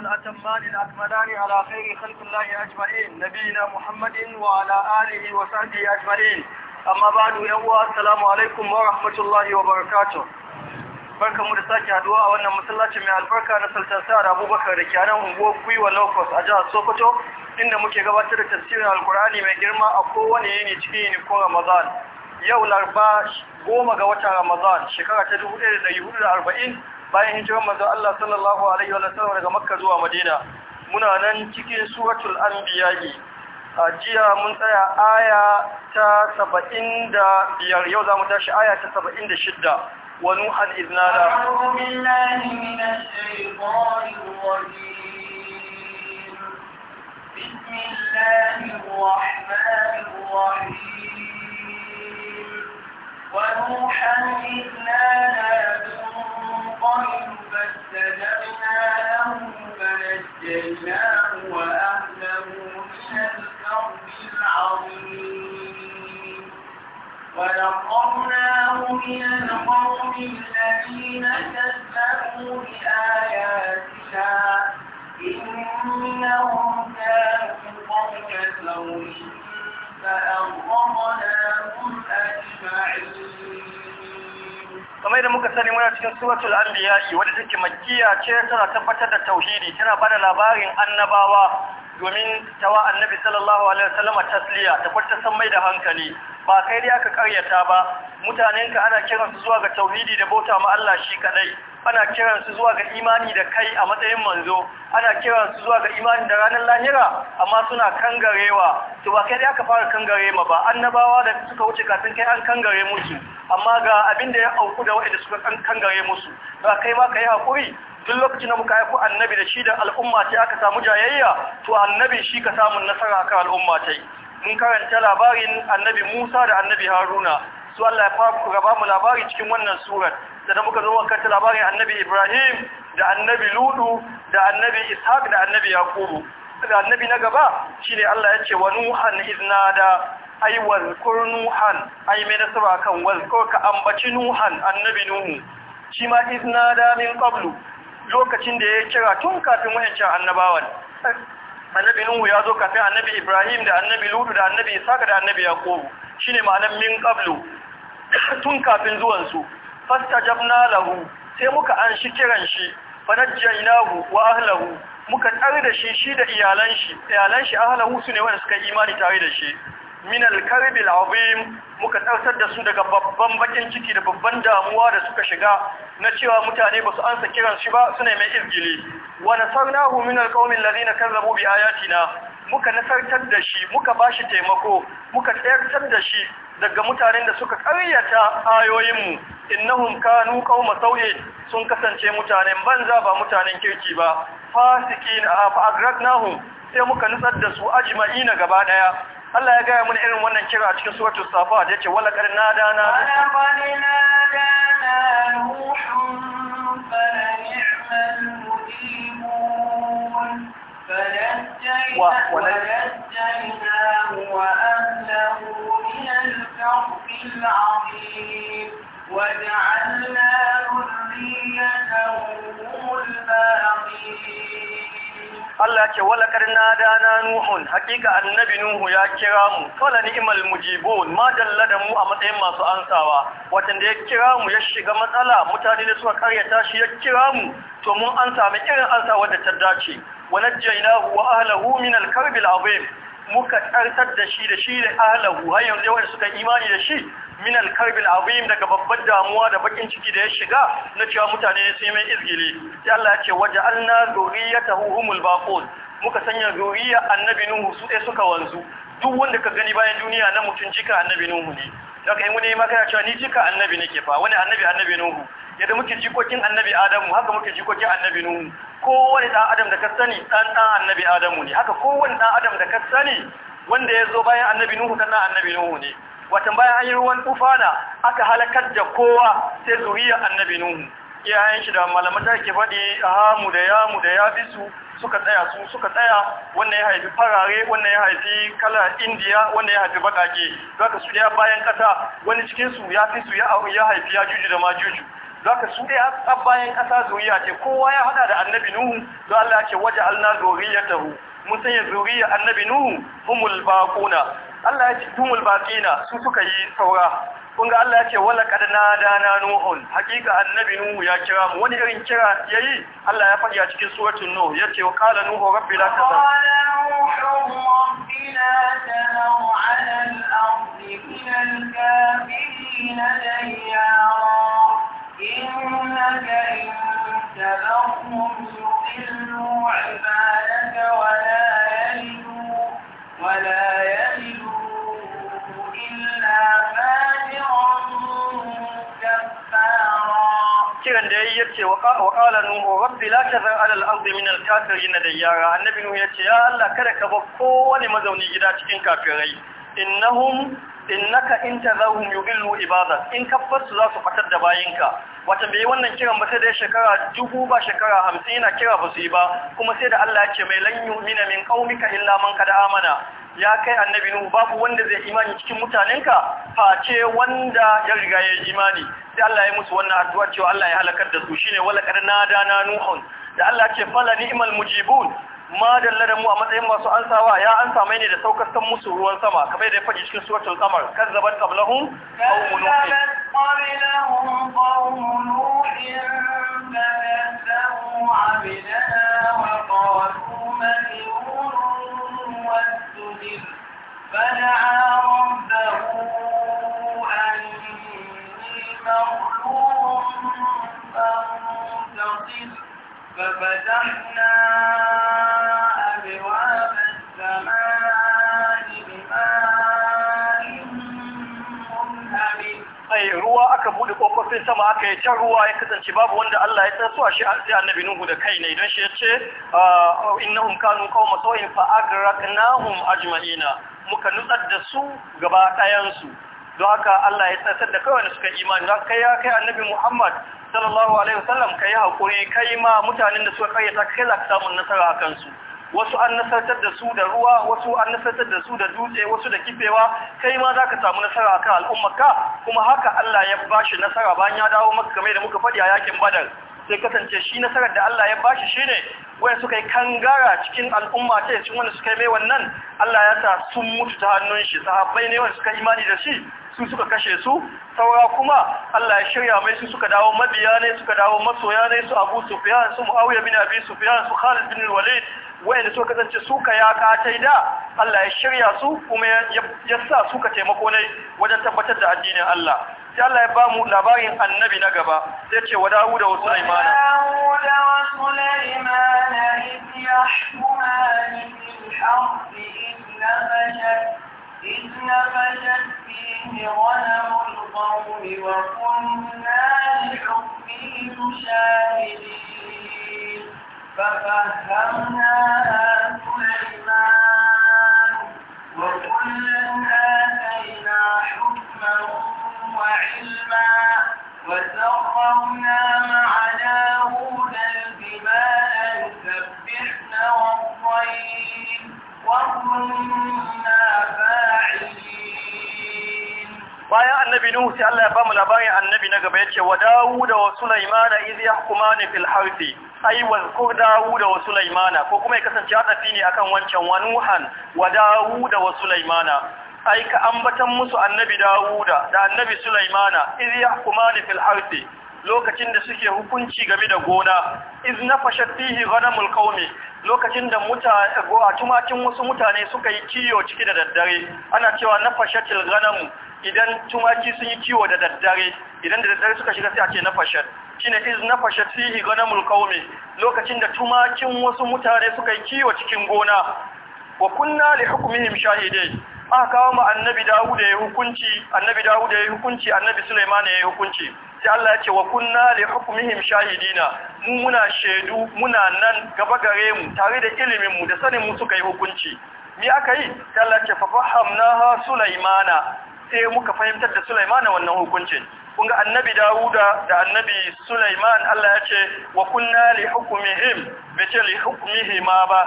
الأتمان الأكملان على خير خلق الله أجمعين نبينا محمد وعلى آله وصحبه أجمعين أما بعد يوم السلام عليكم ورحمة الله وبركاته barkan mu da sake haduwa a wannan masallacin mai albarka na Sultan Sa'ad Abubakar da kyanan unguwar Gwiwa Locust a jihar Sokoto inda muke gabatar da tafsirin Alkur'ani mai girma a kowane yini cikin yau Laraba goma ga watan Ramadan shekara ta 1440 bayan hijirar manzo Allah sallallahu alaihi wa sallam daga Makka zuwa Madina muna nan cikin suratul anbiya a jiya mun tsaya aya ta 75 yau zamu tashi aya ta 76 wa nuhan idnala a'udhu billahi minash shaitanir rajim bismillahir rahmanir rahim wa nuhan idnala القرب فاستجبنا له فنجيناه وأهله من الكرب العظيم ونصرناه من القوم الذين كذبوا بآياتنا إنهم كانوا قوم سوء فأغرقناهم أجمعين kamar da muka sani muna cikin suratul anbiya wadda take makkiya ce tana tabbatar da tauhidi tana bada labarin annabawa domin tawa annabi sallallahu alaihi wasallam tasliya ta kwata san mai da hankali ba kai dai aka karyata ba mutanen ka ana kiran su zuwa ga tauhidi da bauta ma Allah shi kadai ana kiran su zuwa ga imani da kai a matsayin manzo ana kiran su zuwa ga imani da ranar lahira amma suna kangarewa to ba kai dai aka fara kangare ma ba annabawa da suka wuce kafin kai an kangare musu amma ga abin da ya auku da waɗanda suka kangare musu ba kai ma kai hakuri duk lokacin da muka aiko annabi da shi da al'umma ce aka samu jayayya to annabi shi ka samun nasara kan al'umma yi. mun karanta labarin annabi Musa da annabi Haruna su Allah ya fara ba mu labari cikin wannan surar da muka zo karanta labarin annabi Ibrahim da annabi Ludu da annabi Ishaq da annabi Yakubu da annabi na gaba shine Allah ya ce wa nuhan da ai wazkur nuhan ai mai nasara kan wazkur ka ambaci nuhan annabi nuhu shi ma da min qablu lokacin da ya kira tun kafin wayancin annabawan annabi nuhu ya zo kafin annabi ibrahim da annabi ludu da annabi isaka da annabi Shi shine ma'anar min qablu tun kafin zuwan su fastajabna lahu sai muka an shi kiran shi fanajjaynahu wa ahlahu muka tsare da shi shi da iyalan shi iyalan shi ne sune wanda suka imani tare da shi min al-karbil azim muka tausar da su daga babban bakin ciki da babban damuwa da suka shiga na cewa mutane ba su ansa kiran shi ba suna mai izgili wa nasarnahu min al alladhina kazzabu bi ayatina muka nasartar da shi muka bashi taimako muka tsayar da shi daga mutanen da suka ƙaryata ayoyinmu innahum kanu qauma sawi sun kasance mutanen banza ba mutanen kirki ba fasikin fa agradnahum sai muka nutsar da su ajma'ina gaba daya Allah ya gaya mana irin wannan kira a cikin suratul safat yace wala qad nadana wala qad nadana nuhun fala ni'mal mujibun ونجيناه وأهله من الكرب العظيم وجعلنا ذريته هم الباقين Allah ce wala karna na nuhun hakika annabi nuhu ya kira mu fala ni'mal mujibun ma dalla da mu a matsayin masu ansawa watan da ya kira mu ya shiga matsala mutane da suka karyata shi ya kira mu to mun an sami irin ansa da ta dace wa wa ahlihi min al-karbil azim muka tsartar da shi da shi da ahlahu har yanzu wanda suka imani da shi min alkarbil azim daga babbar damuwa da bakin ciki da ya shiga na cewa mutane sun yi mai izgili sai Allah ya ce waja'alna zuriyatahu humul baqul muka sanya zuriya annabi nuhu su ɗaya suka wanzu duk wanda ka gani bayan duniya na mutum jika annabi nuhu ne daga mun wani maka ya cewa ni jika annabi nake fa wani annabi annabi nuhu yadda muke jikokin annabi adamu haka muke jikokin annabi nuhu kowane dan adam da ka sani dan dan annabi adamu ne haka kowane dan adam da ka sani wanda ya zo bayan annabi nuhu kana annabi nuhu ne watan bayan an yi ruwan tufana aka halakar da kowa sai zuriya annabi nuhu iyayen shi da malamai da ke faɗi hamu da yamu da yabisu suka tsaya su suka tsaya wannan ya haifi farare wannan ya haifi kala indiya wannan ya haifi baƙaƙe. Za ka su ɗaya bayan ƙasa, wani cikin su ya fi su ya haifi ya juju da Za ka su ɗaya a bayan ƙasa zuriya ce kowa ya haɗa da annabi nuhu don Allah ya ce ta hu mun sanya zuriya annabi nuhu humul baquna Allah ya ce tumul baqina su suka yi saura kun ga Allah ya ce wala qad nadana nuhun hakika annabi nuhu ya kira mu wani irin kira yayi Allah ya faɗi a cikin suratul nuh ya ce wa qala nuhu rabbi la tazal tazar إنك إن تذرهم يضلوا عبادك ولا يلدوا ولا يلدوا ce wa qala nuhu rabbi la tazar alal al min al-kafirin dayyara annabi nuhu ce, ya Allah kada ka bar kowani mazauni gida cikin kafirai innahum innaka in tazahum yudillu ibadat in kaffarsu za su fatar da bayinka wata bai wannan kiran ba sai da shekara dubu ba shekara hamsin yana kira ba su yi ba kuma sai da Allah ya ce mai lan yu'mina min qaumika illa man kada amana ya kai annabi nuhu babu wanda zai imani cikin mutanenka face wanda ya riga ya imani sai Allah ya musu wannan addu'a cewa Allah ya halakar da su shine wala kad na nuhun da Allah ce fala ni'mal mujibun ma dalla da mu a matsayin masu ansawa ya ansa mai ne da saukarkan musu ruwan sama kamar da ya faɗi cikin suratul qamar kazzabat qablahum qawmun nuh qablahum qawmun nuh واسجد فدعا ربه أني مغلوب فانتصر ففتحنا أبواب السماء بماء aka buɗe kofofin sama aka yi can ruwa ya kasance babu wanda Allah ya tsarsu shi sai annabi nuhu da kai ne don shi yace ah, innahum kanu qauma sawin fa agraknahum ajma'ina muka nutsar da su gaba ɗayansu. don haka Allah ya tsarsar da kawai suka imani don kai ya kai annabi Muhammad sallallahu alaihi wasallam kai hakuri kai ma mutanen da suka kayyata kai za ka samu nasara a kansu wasu an nasartar da su da ruwa wasu an nasartar da su da dutse wasu da kifewa kai ma za ka samu nasara akan al'ummarka kuma haka Allah ya bashi nasara bayan ya dawo maka kamar da muka faɗi a yakin badar sai kasance shi nasarar da Allah ya bashi shine waya suka yi kangara cikin al'umma ta cikin wanda suka yi mai wannan Allah ya sa sun mutu ta hannun shi sahabbai ne wanda suka imani da shi su suka kashe su saura kuma Allah ya shirya mai su suka dawo mabiya ne suka dawo masoya ne su Abu Sufyan su Muawiya bin Abi Sufyan su Khalid bin Walid wayanda suka kasance suka yaka tai da Allah ya shirya su kuma ya sa suka taimako ne wajen tabbatar da addinin Allah sai Allah ya ba mu labarin annabi na gaba sai ce wa Dawuda da wasu Dawuda إذ فيه غنم القوم وكنا لحكمهم شاهدين سليمان وكلا آتينا حكما وعلما وكنا bayan annabi nuhu sai Allah ya bamu labarin annabi na gaba yace wa dawuda wa sulaimana iz yahkumani fil harthi ai wa zkur dawuda wa sulaimana ko kuma ya kasance hadafi ne akan wancan wa nuhan wa dawuda wa sulaimana ai ka ambatan musu annabi dawuda da annabi sulaimana iz yahkumani fil harthi lokacin da suke hukunci game da gona iz nafashat fihi ghanamul qaumi lokacin da mutane tumakin wasu mutane suka yi kiyo ciki da daddare ana cewa fashatil ghanam idan tumaki sun yi ciwo da daddare idan da daddare suka shiga sai a ce fashat shine iz nafashat fihi ghanamul qaumi lokacin da tumakin wasu mutane suka yi kiwo cikin gona wa kunna li hukmihim shahidai aka kawo mu annabi Dawud ya yi hukunci annabi Dawud ya yi hukunci annabi Sulaiman ya yi hukunci sai Allah ya ce wa kunna li hukmihim shahidina mu muna shaidu muna nan gaba gare mu tare da ilimin mu da sanin mu suka yi hukunci mi aka yi sai Allah ya ce fa fahamnaha sulaimana sai muka fahimtar da sulaimana wannan hukuncin kun ga annabi Dawuda da annabi Sulaiman Allah ya ce wa kunna li hukmihim bace li ma ba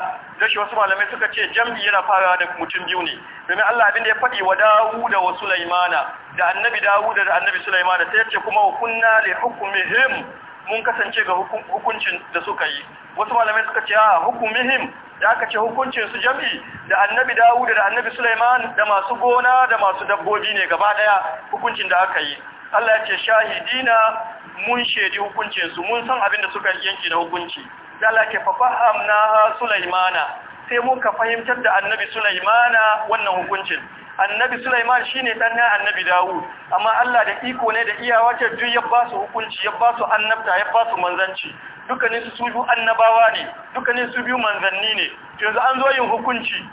shi wasu malamai suka ce jam'i yana farawa da mutum biyu ne domin Allah abin da ya faɗi wa Dawuda wa Sulaimana da annabi Dawuda da annabi Sulaimana sai ya ce kuma wa kunna li hukmihim mun kasance ga hukuncin da suka yi wasu malamai suka ce a hukumihim da aka ce hukuncin su jami da annabi Dawuda da annabi sulaiman da masu gona da masu dabbobi ne gaba daya hukuncin da aka yi Allah ya ce shahidina mun shaidi hukuncin su mun san abin da suka yanke na hukunci da Allah ke fafahamna Sulaimana sai mun ka fahimtar da annabi Sulaimana wannan hukuncin annabi Sulaiman shine dan na annabi Dawud amma Allah da iko ne da iyawa ce duk ya ba su hukunci ya ba su annabta ya ba su manzanci dukkanin su su annabawa ne dukkanin su biyu manzanni ne yanzu an zo yin hukunci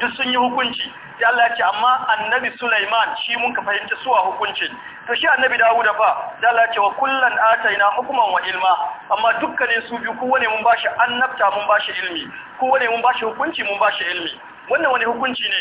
duk sun yi hukunci sai Allah ya ce amma annabi Sulaiman shi mun ka fahimta suwa hukunci, to shi annabi Dawud fa sai Allah ya ce wa kullan ataina hukman wa ilma amma dukkanin su biyu kowane mun bashi annabta mun bashi ilmi kowane mun bashi hukunci mun bashi ilmi wannan wani hukunci ne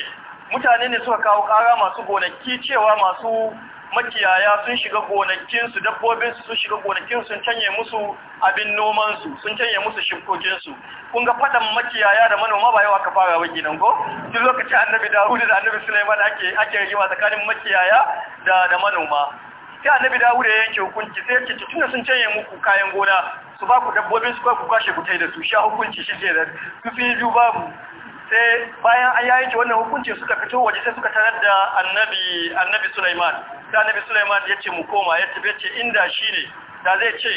mutane ne suka kawo kara masu gonaki cewa masu makiyaya sun shiga gonakinsu dabbobinsu sun shiga gonakinsu sun canye musu abin nomansu sun canye musu shifkokinsu kun ga fadan makiyaya da manoma ba yau aka fara wa gidan ko duk lokacin annabi dawud da annabi sulaiman ake ake rigima tsakanin makiyaya da da manoma sai annabi dawud ya yanke hukunci sai ya ce tunda sun canye muku kayan gona su ba ku dabbobin su ku kwashe ku tai da su sha hukunci shi ke da su fi biyu babu sai bayan an yayin wannan hukunci suka fito waje sai suka tarar da annabi annabi sulaiman da annabi Sulaiman ya ce mu koma ya tafi ce inda shi ne, da zai ce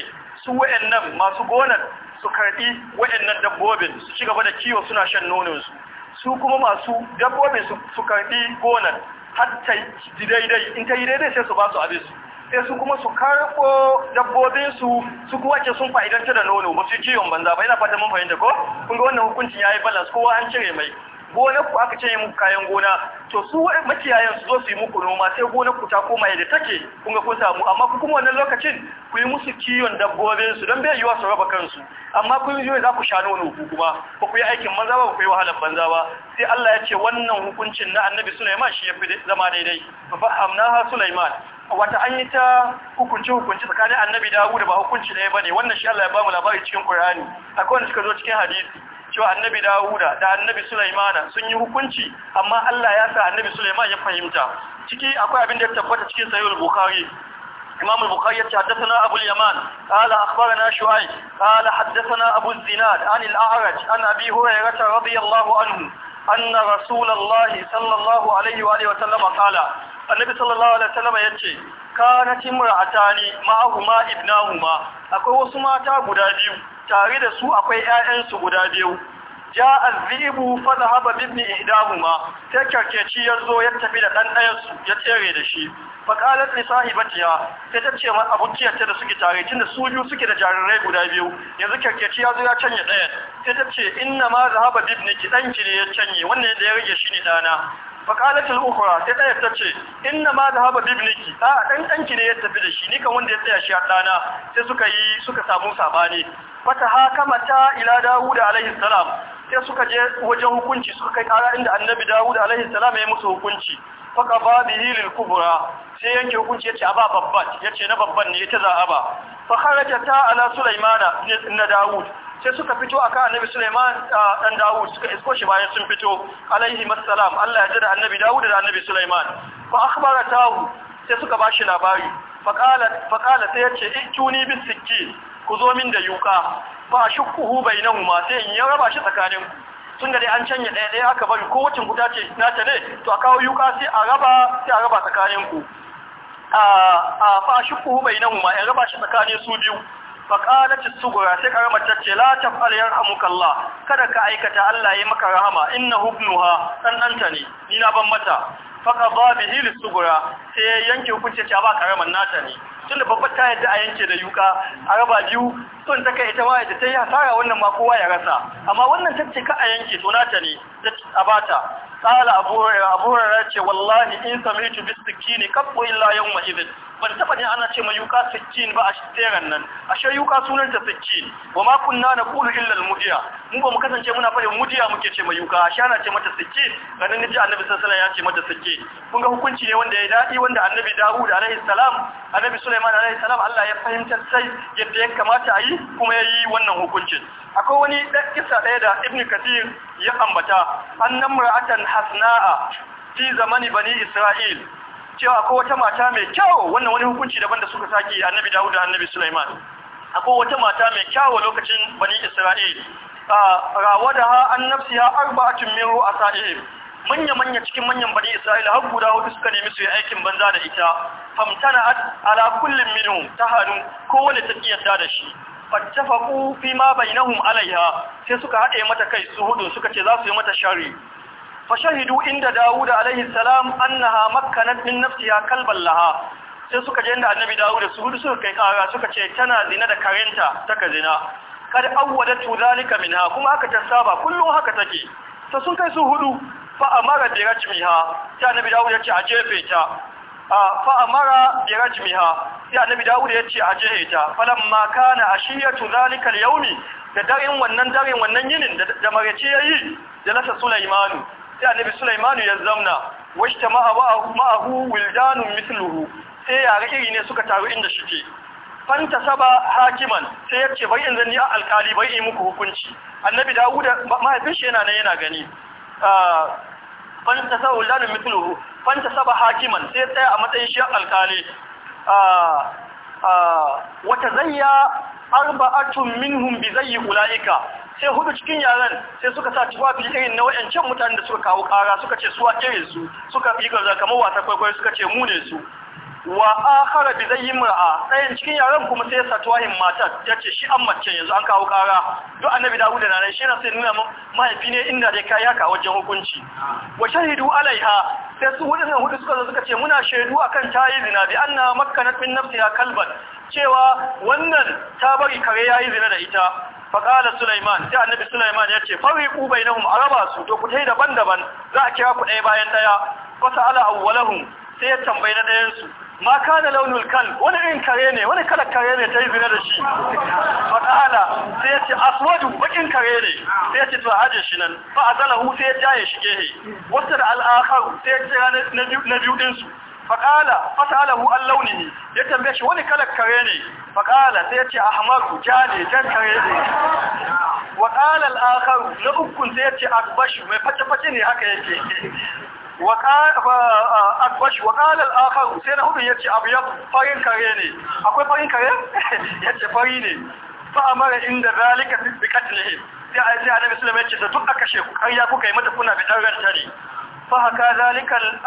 su wayannan masu gonar su karbi wayannan dabbobin su ci gaba da kiwo suna shan nononsu, su su kuma masu dabbobin su karbi gonar har ta yi daidai in ta yi daidai sai su ba su abin su sai su kuma su karɓo dabbobinsu su kuma ce sun fa'idanta da nono ba su ciwon banza ba yana fata mun fahimta ko kun ga wannan hukuncin yi balance kowa an cire mai gonar ku aka ce muku kayan gona to su waɗanda makiyayan su zo su yi muku noma sai gonar ku ta koma yadda take kun ga kun samu amma ku kuma wannan lokacin ku yi musu kiwon dabbobin su don bai yiwa su raba kansu amma kun yi za ku sha nono ku kuma ba ku yi aikin banza ba ku yi wahalar banza ba sai Allah ya ce wannan hukuncin na annabi Sulaiman shi ya fi zama daidai fa ha Sulaiman wata an yi ta hukunci hukunci tsakanin annabi Dawud ba hukunci ɗaya bane wannan shi Allah ya ba mu labari cikin Qur'ani akwai wanda suka zo cikin hadisi cewa annabi dawuda da annabi sulaimana sun yi hukunci amma Allah ya sa annabi sulaiman ya fahimta ciki akwai abin da ya tabbata cikin sayyul bukhari imam bukhari ya tattauna abu yaman qala akhbarana shu'ay qala haddathana abu zinad an al-a'raj an abi hurayra radhiyallahu anhu anna rasulallahi sallallahu alayhi wa wa sallam qala annabi sallallahu alayhi wa sallam yace kana timra atani ma'ahuma ibnahuma akwai wasu mata guda biyu tare da su akwai ‘ya'yansu guda biyu ja azibu fada haɓa bibni ma. sai kyarkeci ya zo ya tafi da ɗan ɗayansu ya tsere da shi faƙalar nisa ibatiya sai ta ce ma abokiyar ta da suke tare tun da su biyu suke da jarirai guda biyu yanzu kyarkeci ya zo ya canye ɗayan sai ta ce inna ma zahaba ɗan ki ne ya canye wannan da ya rage shi ne ɗana faƙalatul ukhra sai ɗaya ta ce inna ma zahaba bibliki a ɗanɗanki ne ya tafi da shi ni kan wanda ya tsaya shi a ɗana sai suka yi suka samu sabani fata hakamata ila dawud alaihi salam sai suka je wajen hukunci suka kai ƙara inda annabi dawud alaihi salam ya yi musu hukunci faka ba bihi lil kubra sai yanke hukunci yace a ba babban yace na babban ne yace za a ba fa kharaja ta ala sulaimana na dawud sai suka fito akan annabi Sulaiman dan Dawud suka isko shi bayan sun fito alaihi masallam Allah ya jira annabi Dawud da annabi Sulaiman fa tahu sai suka bashi labari fa qala sai yace ituni bis sikki ku zo min da yuka fa shukkuhu bainahuma sai in ya raba shi tsakanin tun da dai an canya ɗaya ɗaya aka bari ko wacin guda ce na ta ne to a kawo yuka sai a raba sai a raba tsakanin ku a fa shukkuhu bainahuma ya raba shi tsakanin su biyu faqalat as-sughra sai ƙarama tace la taf'al yarhamuka Allah kada ka aikata Allah ya maka rahama inna ibnuha ɗanɗanta ne ni na ban mata Faƙa ba bi hili tsugura sai yanke hukunci ce ba ƙaramar nata ne tunda babbar ta yadda a yanke da yuka a raba biyu son ta kai ita ma yadda ta yi hasara wannan ma kowa ya rasa amma wannan ta ka a yanke to nata ne ta a bata tsala abu rara ce wallahi in sami tu bi sikini kabbo illa yau ma'ibin ban taba ne ana ce ma yuka sikin ba a tseren nan A yuka sunanta ta sikin wa ma kunna na kulu illar almudiya mu ba mu kasance muna fadin mudiya muke ce ma yuka ashe ana ce mata sikin ganin naji annabi sallallahu alaihi ya ce mata sikin kun ga hukunci ne wanda ya dadi wanda annabi Dawud alaihi salam annabi Sulaiman alaihi salam Allah ya fahimta sai yadda ya kamata a yi kuma ya yi wannan hukuncin akwai wani kisa daya da ibnu Kathir ya ambata annan mura'atan hasna'a fi zamani bani isra'il cewa akwai wata mata mai kyau wannan wani hukunci daban da suka saki annabi dawud da annabi sulaiman akwai wata mata mai kyau lokacin bani isra'il A rawada an annafsiha arba'atun min ru'asaihim manya-manya cikin manyan bani isra'il har guda hudu suka nemi su yi aikin banza da ita famtana ala kullin minhum ta hannu kowane ta kiyarta da shi fattafaku fi ma bainahum alaiha sai suka haɗe mata kai su hudu suka ce za su yi mata shari shahidu inda dawuda alaihi salam annaha makkanat min nafsiha kalban laha sai suka je inda annabi dawuda su hudu suka kai kara suka ce tana zina da karenta ta ka zina kad awwadatu zalika minha kuma haka ta saba kullum haka take sai sun kai su hudu fa amara bi rajmiha sai annabi daud ya ce a jefe ta fa’amara amara bi rajmiha sai annabi Dawud ya ce a jihe ta falamma kana ashiyatu zalikal yawmi da darin wannan darin wannan yinin da ya yi da nasa Sulaimanu sai annabi Sulaimanu ya zamna wasu ta ma'ahu wildanun mithluhu sai yare iri ne suka taru inda shike fanta saba hakiman sai ya ce bai in zanni alkali bai yi muku hukunci annabi Dawud mahaifin shi yana nan yana gani fanta saba wildanun mithluhu fanta saba hakiman sai tsaya a matsayin shi alkali ah, ah, wata zayya arba'atun minhum bi zayyi ulaika sai hudu cikin yaran sai suka sa tufafi irin na wayancan mutanen da suka kawo kara suka ce suwa irin su suka yi gaza kamar wata kwaikwayo suka ce mu ne su wa akhara bi yi mura tsayin cikin yaran kuma sai satwahin matar ce shi an mace yanzu an kawo kara duk annabi Dawud na nan shi na sai nuna mahaifi ne inda dai kai haka wajen hukunci wa shahidu alaiha sai su hudun hudu suka zo suka ce muna shaidu akan tayi zina bi anna makkanat min nafsiha kalban cewa wannan ta bari kare yayi zina da ita faƙala Sulaiman, sai annabi Sulaiman ya ce, Fari ƙubai na hum a raba su, to ku tai daban-daban za a kira ku ɗaya bayan ɗaya, fasa ala awwalahum sai ya tambayi na ɗayan su ma kana launul kan wani irin kare ne wani kalar kare ne ta yi zina da shi fata'ala sai ya ce aswadu bakin kare ne sai ya ce to ajiye shi nan Ba a zala azalahu sai ya jaye shi gehe wasu da al'akaru sai ya kira na biyu ɗinsu faƙala fasalahu an launi ne. ya tambaye shi wani kalar kare ne faƙala sai ya ce ahmaru ja ne jan kare ne wa ƙala al'akaru na ukun sai ya ce akbashu mai face-face ne haka yake akwash wa qala al-akhar sai na hudu yace abu ya farin kare ne akwai farin kare yace fari ne fa amara inda zalika bi sai a sai annabi sallallahu alaihi wasallam yace duk aka sheku kariya kuka yi mata kuna bi dan tare fa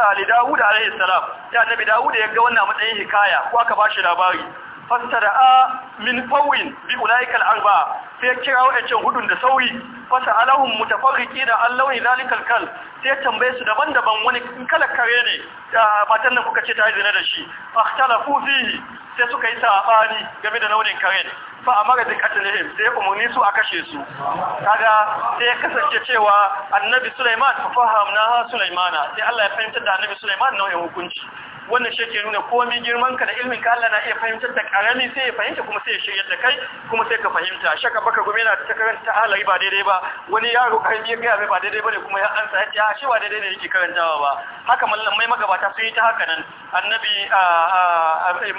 annabi Dawud ya ga wannan matsayin hikaya ko aka bashi labari fastara'a min fawin bi ulaikal arba sai kira wa'ancan hudun da sauri. fasa alahum mutafarriqi da allawi zalikal kal sai tambaye su daban-daban wani kala kare ne matan nan kuka ce ta izina da shi fahtalafu fihi sai suka yi sabani game da nau'in kare fa amara da katilihim sai umarni su a kashe su kaga sai ya kasance cewa annabi Sulaiman fa fahamna Sulaimana sai Allah ya fahimtar da annabi Sulaiman nau'in hukunci wannan shi ke nuna komi girman ka da ilmin ka Allah na iya fahimtar da karami sai ya fahimta kuma sai ya shirya da kai kuma sai ka fahimta shaka baka gume na ta karanta halayi ba daidai ba wani yaro karami ya gaya mai ba daidai bane kuma ya ansa ya ah, shi ba daidai ne yake karantawa ba haka mallamai magabata sun yi ta haka nan annabi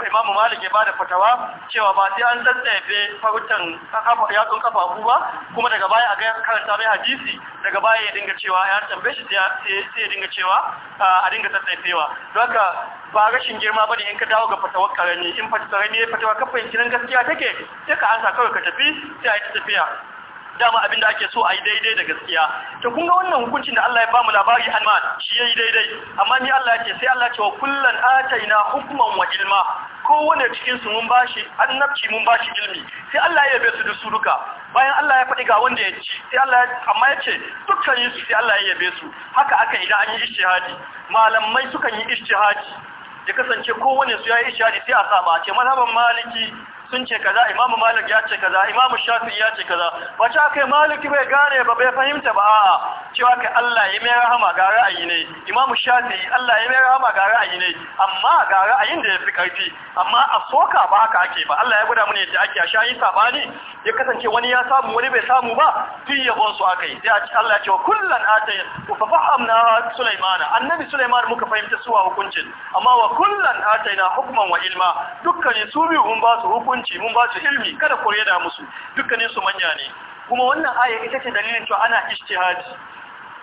imamu malik ya bada fatawa cewa ba sai an tsatsaye farutan yatsun kafafu ba kuma daga baya a ga karanta mai hadisi daga baya ya dinga cewa ya tambaye shi sai ya dinga cewa a dinga tsatsafewa don haka ba rashin girma ba ne in ka dawo ga fatawar karami in fatawar karami ya fatawa ka fahimci nan gaskiya take sai ka ansa kawai ka tafi sai a yi tafiya dama abin da ake so a yi daidai da gaskiya to kun ga wannan hukuncin da Allah ya bamu labari hanma shi yayi daidai amma ni Allah ce sai Allah ce wa kullan ataina hukman wa ilma kowane cikin su mun bashi annabci mun bashi ilmi sai Allah ya yabe su da suruka. duka bayan Allah ya faɗi ga wanda ya ci sai Allah amma ya ce dukkan su sai Allah ya yabe su haka aka idan an yi ijtihadi malamai sukan yi ijtihadi ya kasance kowane su ya yi ijtihadi sai a saba ce mazhaban maliki sun ce kaza Imam malik ya ce kaza Imam Shafi ya ce kaza wace aka yi maliki bai gane ba bai fahimta ba a'a cewa kai Allah ya mai rahama ga ra'ayi ne Imam Shafi Allah ya mai rahama ga ra'ayi ne amma ga ra'ayin da ya fi karfi amma a soka ba haka ake ba Allah ya guda mun yadda ake a shayi sabani ya kasance wani ya samu wani bai samu ba duk ya su aka yi sai Allah ya ce kullan atay fa fahamna Sulaimana, annabi Sulaimana muka fahimta suwa hukuncin amma wa kullum kullan na hukuman wa ilma dukkanin su biyu mun ba su hukunci hukunci mun ba su ilmi kada ku da musu dukkanin su manya ne kuma wannan aya ita ce dalilin cewa ana ijtihadi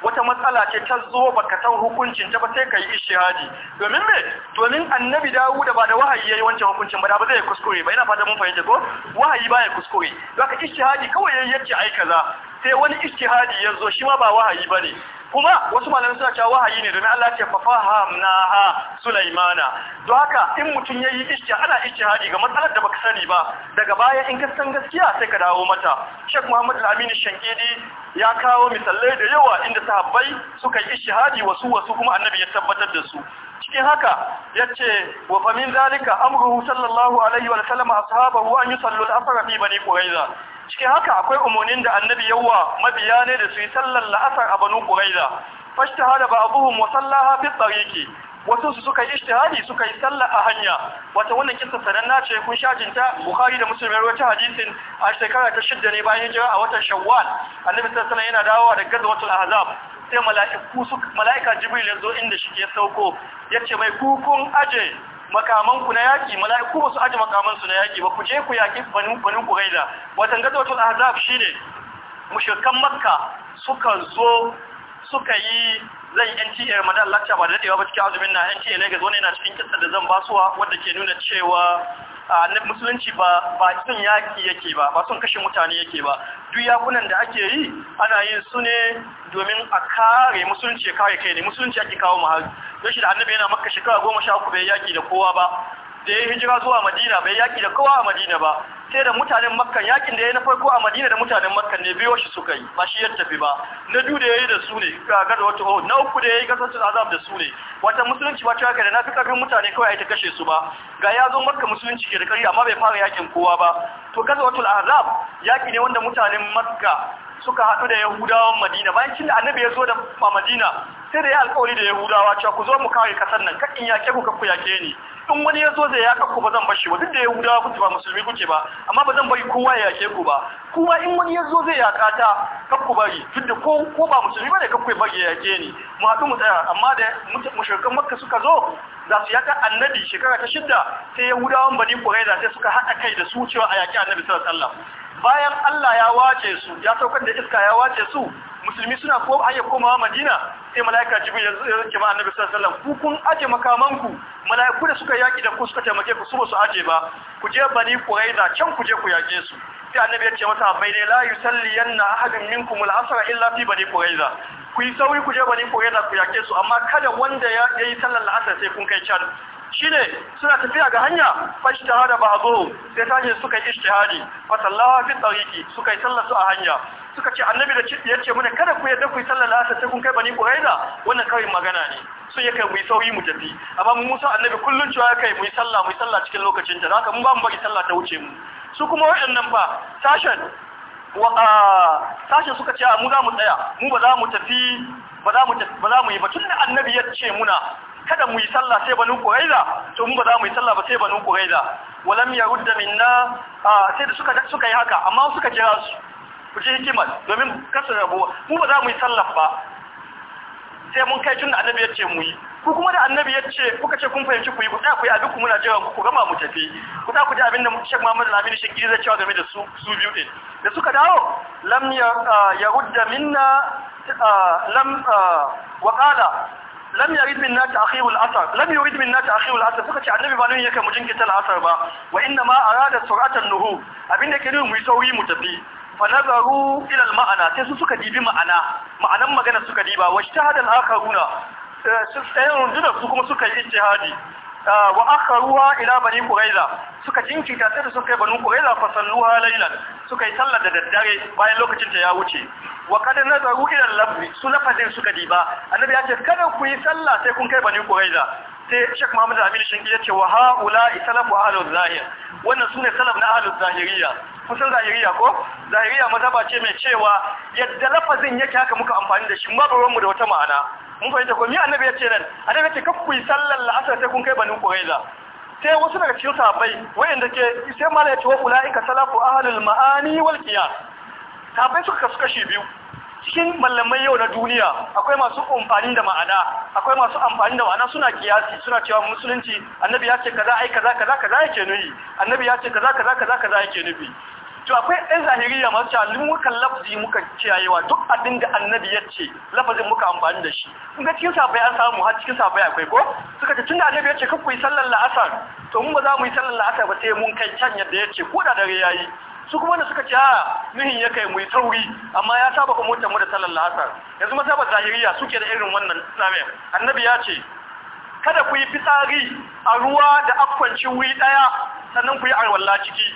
wata matsala ce ta zo baka san hukuncin ta ba sai kai ijtihadi domin me domin annabi Dawud ba da wahayi yayi wancan hukuncin ba da ba zai kuskure ba ina fata mun fahimta ko wahayi ba ya kuskure zaka ijtihadi kawai yayi yace ai kaza sai wani ijtihadi ya zo shi ma ba wahayi ba ne kuma wasu malamai suna cewa wahayi ne domin Allah ce ha Sulaimana don haka in mutum ya yi ishti ana ijtihadi ga matsalar da baka sani ba daga baya in ka san gaskiya sai ka dawo mata Sheikh Muhammad Al-Amin Shankidi ya kawo misalai da yawa inda sahabbai suka yi ijtihadi wasu wasu kuma annabi ya tabbatar da su cikin haka yace wa famin zalika amruhu sallallahu alaihi wa sallam ashabahu an yusallu al-asr fi bani quraiza cikin haka akwai umarnin da annabi yawa mabiya ne da su yi sallar la'asar a banu ƙuraida fashtahada ba'dhum wa sallaha fi tariqi wasu su suka yi ishtihadi suka yi sallah a hanya wata wannan kisa sananna ce kun shajinta bukhari da ruwa ta hadisin a shekara ta shidda ne bayan hijira a watan shawwal annabi sallallahu yana dawowa daga gazwatul ahzab sai mala'ika jibril ya zo inda shi ke sauko yace mai kukun kun aje makaman ku na yaki mala'iku ba su aje makaman su na yaki ba ku je ku yaki banu banu quraida watan gazawatul ahzab shine mushrikan makka suka zo suka yi zan yi NTA Ramadan lecture ba da daɗewa ba cikin azumin na NTA zo ne yana cikin kissa da zan basuwa wadda ke nuna cewa na musulunci ba ba sun yaki yake ba ba sun kashe mutane yake ba duk yakunan da ake yi ana yin su ne domin a kare musulunci ya kare kai ne musulunci ake kawo mu har don shi da annabi yana maka shekara goma sha uku bai yaki da kowa ba da ya yi hijira zuwa madina bai yaki da kowa a madina ba sai da mutanen makkan yakin da ya yi na farko a madina da mutanen makkan ne biyo shi suka yi ba shi ya tafi ba na biyu da ya yi da su ne ga da wata ohun na uku da ya yi kasar azab da su ne wata musulunci ba cewa da na fi karfin mutane kawai a ita kashe su ba ga ya zo makka musulunci ke da kari amma bai fara yakin kowa ba to gada wata azab yaki ne wanda mutanen makka suka haɗu da yahudawan madina bayan cin da annabi ya zo da madina sai da ya alƙawari da yahudawa cewa ku zo mu kare kasar nan kakin yake ku kakku yake ni in wani ya zo zai yaka ku ba zan bashi ba duk da yahudawa kuke ba musulmi kuke ba amma ba zan bari kowa ya yake ku ba kuma in wani ya zo zai yaka ta kar bari duk da ko ko ba musulmi ba ne kar bari ya yake ni mu haɗu mu tsaya amma da mushrikan makka suka zo za su yaka annabi shekara ta shidda sai yahudawan bani quraiza sai suka haɗa kai da su cewa a yaki annabi sallallahu alaihi wasallam bayan Allah ya wace su ya saukar da iska ya wace su musulmi suna ko hanyar komawa madina sai mala'ika jibril ya rike ma annabi sallallahu alaihi wasallam ku kun aje makamanku mala'iku da suka yaki da ku suka taimake ku su ba su aje ba ku je bani quraiza can ku je ku yake su sai annabi ya ce mata bai dai la yusalliyanna ahadun minkum al asr illa fi bani quraiza ku yi sauri ku je bani quraiza ku yake su amma kada wanda ya yi sallar la'asar sai kun kai can shine suna tafiya ga hanya ba ba'dhum sai tashi suka yi ijtihadi fa sallaha fi tariqi suka yi su a hanya suka ce annabi da ya ce mana kada ku yadda ku yi sallar lasa sai kun kai bani quraiza wannan kawai magana ne sun kai mu yi sauyi mu tafi amma mu musa annabi kullun cewa kai mu yi sallah mu yi sallah cikin lokacin ta haka mun ba mu bari sallah ta wuce mu su kuma waɗannan fa sashen sashen suka ce mu za mu tsaya mu ba za mu tafi ba za mu yi ba tun da annabi ya ce muna kada mu yi sallah sai banu quraiza to mun ba za mu yi sallah ba sai banu quraiza walam rudda minna sai da suka suka yi haka amma suka jira su ku ji hikimar domin kasar rabo mu ba za mu yi sallah ba sai mun kai tun annabi ya ce mu yi ku kuma da annabi ya ce kuka ce kun fahimci ku yi ku da ku yi abin ku muna jiran ku ku gama mu tafi ku da ku ji abin da Sheikh Muhammad Lamini Sheikh Giza ya cewa game da su su biyu din da suka dawo lam rudda minna lam wa qala lam yarid minna ta'khir al-asr lam yurid minna ta'khir al-asr suka ce annabi ba nan yake mu jinkita al-asr ba wa inna ma arada sur'atan nuhu abinda ke nuhu mu sauri mu tafi fa nazaru ila al-ma'ana sai su suka dibi ma'ana ma'anan magana suka diba wa ijtihad al-akharuna eh, sai eh, rundunar su kuma suka yi ijtihadi wa akharuha ila bani quraiza suka jinkirta sai da suka kai bani quraiza fa salluha laylan suka yi sallar da daddare bayan lokacin ta ya wuce wa kad nazaru ila Labbi su lafazin suka diba annabi ya ce kada ku yi sallah sai kun kai bani quraiza sai Sheikh Muhammad amin Shinki ya ce wa haula salafu ahlu zahir wannan sune salaf na ahlu zahiriya kusan zahiriya ko zahiriya mazhaba ce mai cewa yadda lafazin yake haka muka amfani da shi ba da wata ma'ana mun fahimta ko mi annabi ya ce nan annabi ya ce ku yi sallar la'asar sai kun kai banin quraiza sai wasu daga cikin sahabbai wayanda ke sai mala ya ce wa ulaika salafu ahlul ma'ani wal qiyas sahabbai suka kasu kashi biyu cikin mallamai yau na duniya akwai masu amfani da ma'ana akwai masu amfani da ma'ana suna kiyasi suna cewa musulunci annabi ya ce kaza ai kaza kaza kaza yake nufi annabi ya ce kaza kaza kaza kaza yake nufi to akwai ɗan zahiriya masu cewa muka lafzi muka kiyayewa duk abin da annabi ya ce lafazin muka amfani da shi kun ga cikin sabai an samu har cikin sabai akwai ko suka ce tunda annabi ya ce ku yi sallar la'asar to mun ba za mu yi sallar la'asar ba sai mun kai can yadda ya ce ko da dare ya yi? su kuma da suka ce a nuhin ya kai mu sauri amma ya saba kuma mutan mu da sallar la'asar yanzu ma masaba zahiriya suke da irin wannan tsamin annabi ya ce kada ku yi fitsari a ruwa da akwanci wuri ɗaya sannan ku yi arwalla ciki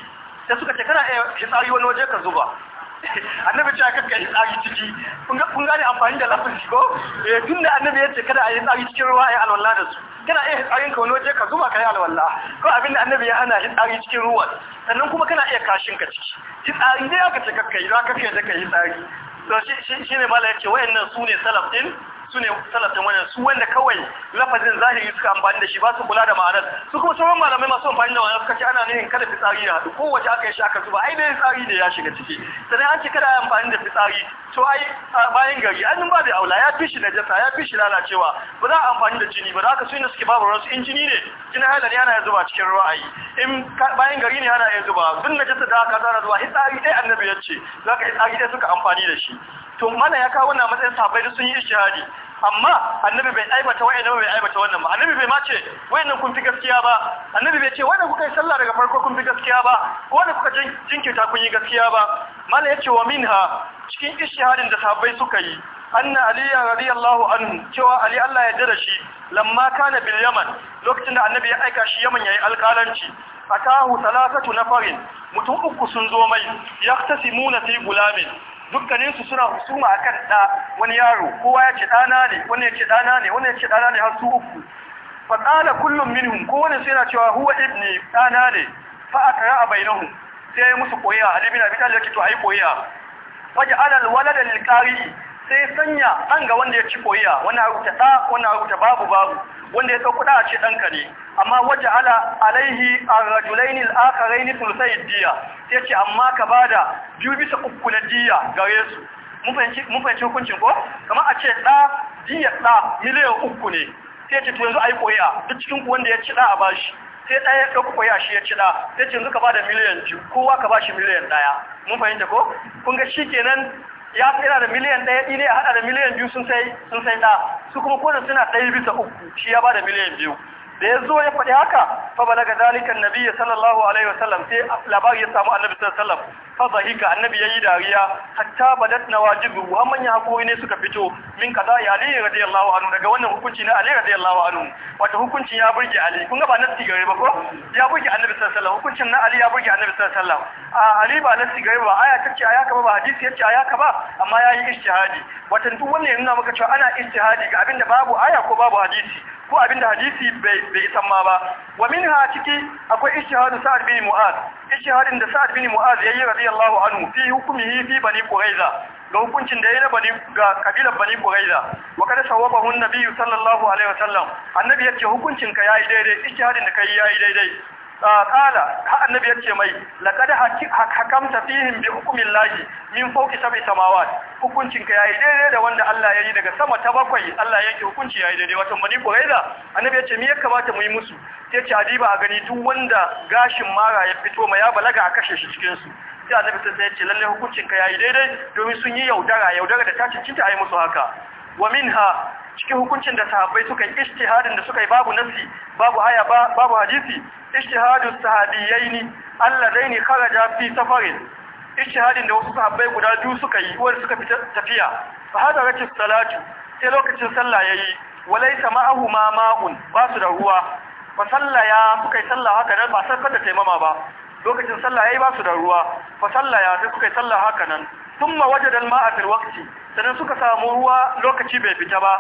da suka ce a iya tsari wani waje ka zuba annabi ce aka yi tsari ciki kun gane amfani da lafazi ko eh, tun da annabi ya ce kada a yi tsari cikin ruwa ya alwala da su kana iya tsarin ka wani waje ka zuba ka yi alwala ko abin da annabi ya hana shi tsari cikin ruwa. sannan kuma kana iya kashin ka ciki shi tsari dai aka ce kakka yi za ka fiye da ka yi tsari to shi ne mala ya ce wayannan su ne salaf din su ne salatin wannan su wanda kawai lafazin zahiri suka amfani da shi ba su kula da ma'anar su kuma sauran malamai masu amfani da ma'anar suka ce ana nihin kada fitsari ya haɗu kowace aka yi shi aka zuba ai dai tsari ne ya shiga ciki sannan an ce kada a amfani da fitsari to ai bayan gari an ba da aula ya fi shi na jasa ya fi shi lalacewa ba za a amfani da jini ba za ka suna suke babu rasu in jini ne jini halar yana ya zuba cikin ruwa ayi in bayan gari ne ana ya zuba duk jasa da aka zara zuwa hitsari ɗaya annabi ya ce za ka hitsari ɗaya suka amfani da shi to mana ya kawo na matsayin sabai da sun yi shahadi amma annabi bai aibata wayannan bai aibata wannan ba annabi bai mace ce wayannan kun fi gaskiya ba annabi bai ce wannan kuka yi sallah daga farko kun fi gaskiya ba ko wanda kuka jinkirta kun yi gaskiya ba mana yace wa minha cikin ishihadin da sabai suka yi anna aliya allahu anhu cewa ali Allah ya jira shi lamma kana bil yaman lokacin da annabi ya aika shi yaman yayi alƙalanci akahu na nafarin mutum uku sun zo mai yaktasimuna fi gulamin dukkanin su suna husuma akan da wani yaro kowa ya ce dana ne wani ya ce dana ne wani ya ce dana ne har su uku fa qala kullum minhum kowane sai yana cewa huwa ibni dana ne fa a bainahu sai ya musu koyawa ali bin abi talib yake to ai koyawa waje alal walada sai sanya an ga wanda ya ci koyiya wani rubuta ɗa wani rubuta babu babu wanda ya sauƙuɗa a ce ɗanka ne amma waje ala alaihi a rajulaini al'akaraini sulsai diya sai ce amma ka ba da biyu bisa uku na diya gare su mun fahimci hukuncin ko kamar a ce ɗa diya ɗa miliyan uku ne sai ce to yanzu a yi koyiya duk cikin wanda ya ci ɗa a bashi sai ɗaya ya ɗauka kwaya shi ya ci ɗa sai ce yanzu ka ba da miliyan biyu kowa ka ba shi miliyan ɗaya mun fahimta ko kun ga shi kenan ya fi da miliyan ɗaya ɗaya ya haɗa da miliyan biyu sun sai sun sai ɗa su kuma kodin suna ɗaya bisa uku shi ya ba da miliyan biyu da ya zo ya faɗi haka fa balaga zalika annabi sallallahu alaihi wasallam sai labari ya samu annabi sallallahu alaihi wasallam fa zahika annabi yayi dariya hatta badat nawajibu har ya hakuri ne suka fito min ya ali radiyallahu anhu daga wannan hukunci na ali radiyallahu anhu wato hukuncin ya burge ali kun ga ba nasi gare ba ko ya burge annabi sallallahu alaihi wasallam hukuncin na ali ya burge annabi sallallahu alaihi wasallam ali ba nasi gare ba aya tace aya ka ba ba hadisi yace aya ka ba amma yayi ijtihadi wato duk wannan yana maka cewa ana ijtihadi ga abinda babu aya ko babu hadisi ko abinda hadisi bai bai san ma ba wa minha ciki akwai ishhadu sa'ad bin mu'az ishhadin da sa'ad bin mu'az yayi radiyallahu anhu fi hukmihi fi bani quraiza ga hukuncin da yayi na bani ga kabilar bani quraiza wa kada sawaba hun nabiyyu sallallahu alaihi wasallam annabi yace hukuncin ka yayi daidai ishhadin da kai yayi daidai qala ha annabi yace mai laqad hakamta fihim bi hukmillahi min fawqi sab'i samawat hukuncin ka yayi daidai da wanda Allah yayi daga sama ta bakwai Allah yake hukunci yayi daidai wato bani quraiza annabi yace me ya kamata mu yi musu sai ce adiba a gani duk wanda gashin mara ya fito ma ya balaga a kashe shi cikin su sai annabi sai ya ce lalle hukuncin ka yayi daidai domin sun yi yaudara yaudara da ta cinta ayi musu haka wa ha? cikin hukuncin da sahabbai suka yi ijtihadin da suka yi babu nasi, babu aya babu hadisi ijtihadu sahabiyaini alladaini kharaja fi safarin ijtihadin da wasu sahabbai guda biyu suka yi wanda suka fita tafiya fa hadaratis salatu sai lokacin sallah yayi walaysa ma'ahu ma ma'un ba su da ruwa fa sallaya suka yi sallah haka nan ba sai kada taimama ba lokacin sallah yayi ba su da ruwa fa sallaya sai suka yi sallah haka nan thumma wajada al wakci fil sannan suka samu ruwa lokaci bai fita ba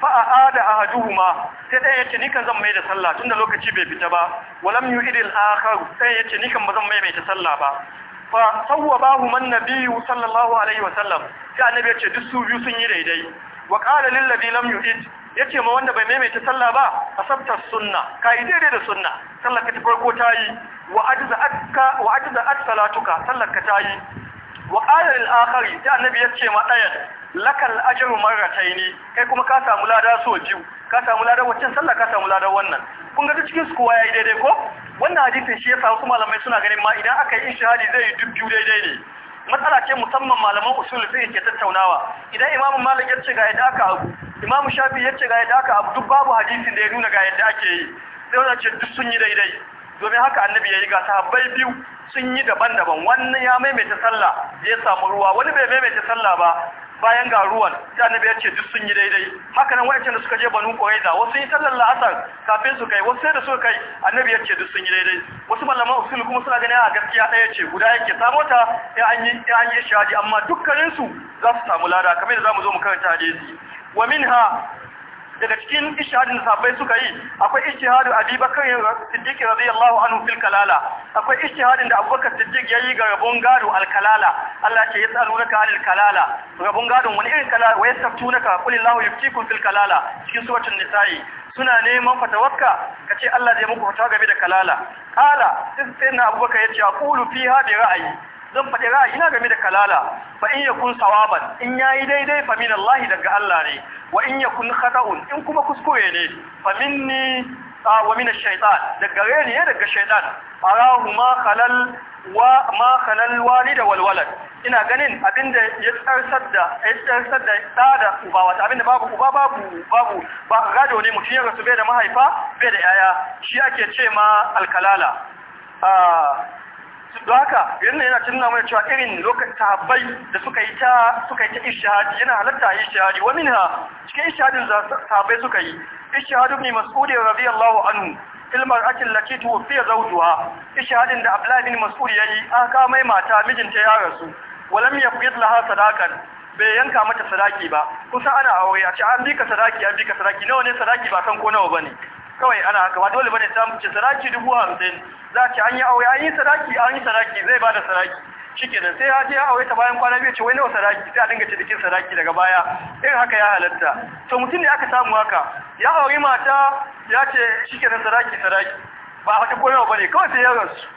fa aada ahaduhuma sai ɗaya yace nikan zan mai da sallah tunda lokaci bai fita ba walam yu'idil akhar sai yace ni ba zan mai mai ta sallah ba fa sawwabahu man nabiyyu sallallahu alaihi wa sallam sai annabi yace duk su biyu sun yi daidai wa qala lil ladhi lam yace ma wanda bai maimaita sallah ba asabta sunna yi daidai da sunna sallar ka ta farko tayi yi. ajza wa at salatuka sallar ka tayi wa qala lil akhari annabi ya ce ma dayan lakal ajru marrataini kai kuma ka samu lada so biyu ka samu lada waccan sallah ka samu lada wannan kun ga cikin su kowa yayi daidai ko wannan hadisin shi ya samu kuma malamai suna ganin ma idan aka yi shahadi zai yi duk biyu daidai ne matsala ce musamman malaman usul fiqh ke tattaunawa idan imamu malik ya ce ga yadda aka abu imamu shafi ya ce ga yadda aka abu duk babu hadisin da ya nuna ga yadda ake yi sai wannan ce duk sun yi daidai domin haka annabi yayi ga sahabbai biyu sun yi daban-daban wani ya maimaita sallah ya samu ruwa wani bai maimaita sallah ba bayan ga ruwan sai annabi ya ce duk sun yi daidai haka nan wancan da suka je banu quraiza wasu yi sallar la'asar kafin su kai wasu sai da suka kai annabi ya ce duk sun yi daidai wasu malaman usul kuma suna ganin a gaskiya ɗaya ce guda yake samo ta ya an yi ya an yi shahadi amma dukkaninsu su za su samu lada kamar da zamu zo mu karanta hadisi wa minha daga cikin ishadin sahabbai suka yi akwai ishihadu Abi Bakar Siddiq radiyallahu anhu fil kalala akwai ishihadin da Abubakar Siddiq yi ga rabon gado al kalala Allah ya ke naka al kalala rabon gado wani irin kalala ka Kulli qulillahu yuftikum fil kalala cikin suratul nisa'i suna neman fatawarka kace ce Allah zai muku fata game da kalala kala sai sai na abubakar ya ce aqulu fiha bi ra'ayi zan faɗi ra'ayi na game da kalala fa in yakun sawaban in yayi daidai fa min Allah daga Allah ne wa in yakun khata'un in kuma kuskure ne fa minni wa min ash-shaytan daga gare ne daga shaytan arahu ma khalal wa ma khalal walida wal walad ina ganin abinda ya tsarsar da ya tsarsar da da da uba wata abinda babu uba babu babu ba gado ne mutum ya rasu bai da mahaifa bai da yaya shi ake ce ma alkalala don haka yana yana tunna da cewa irin lokacin sahabbai da suka yi ta suka yi ta ishihadi yana halatta ishihadi wa minha cikin ishihadin sahabbai suka yi ishihadu ibn mas'ud radiyallahu anhu ilmar akin lati zautuwa zawjuha ishihadin da abdullahi bin mas'ud yi, an ka mai mata mijinta ya rasu walam yafqid laha sadaqan bai yanka mata sadaki ba kusa ana aure a ce an bika sadaki an bika sadaki nawa ne sadaki ba san ko nawa bane kawai ana haka ba dole bane samu ce sadaki dubu hamsin za ki an yi aure an yi sadaki an yi sadaki zai bada sadaki shikenan sai ya je ya aure ta bayan kwana biyu ce wai nawa sadaki sai a dinga dikin sadaki daga baya irin haka ya halatta to mutum ne aka samu haka ya aure mata ya ce shikenan sadaki sadaki ba a wata komai bane kawai sai ya rasu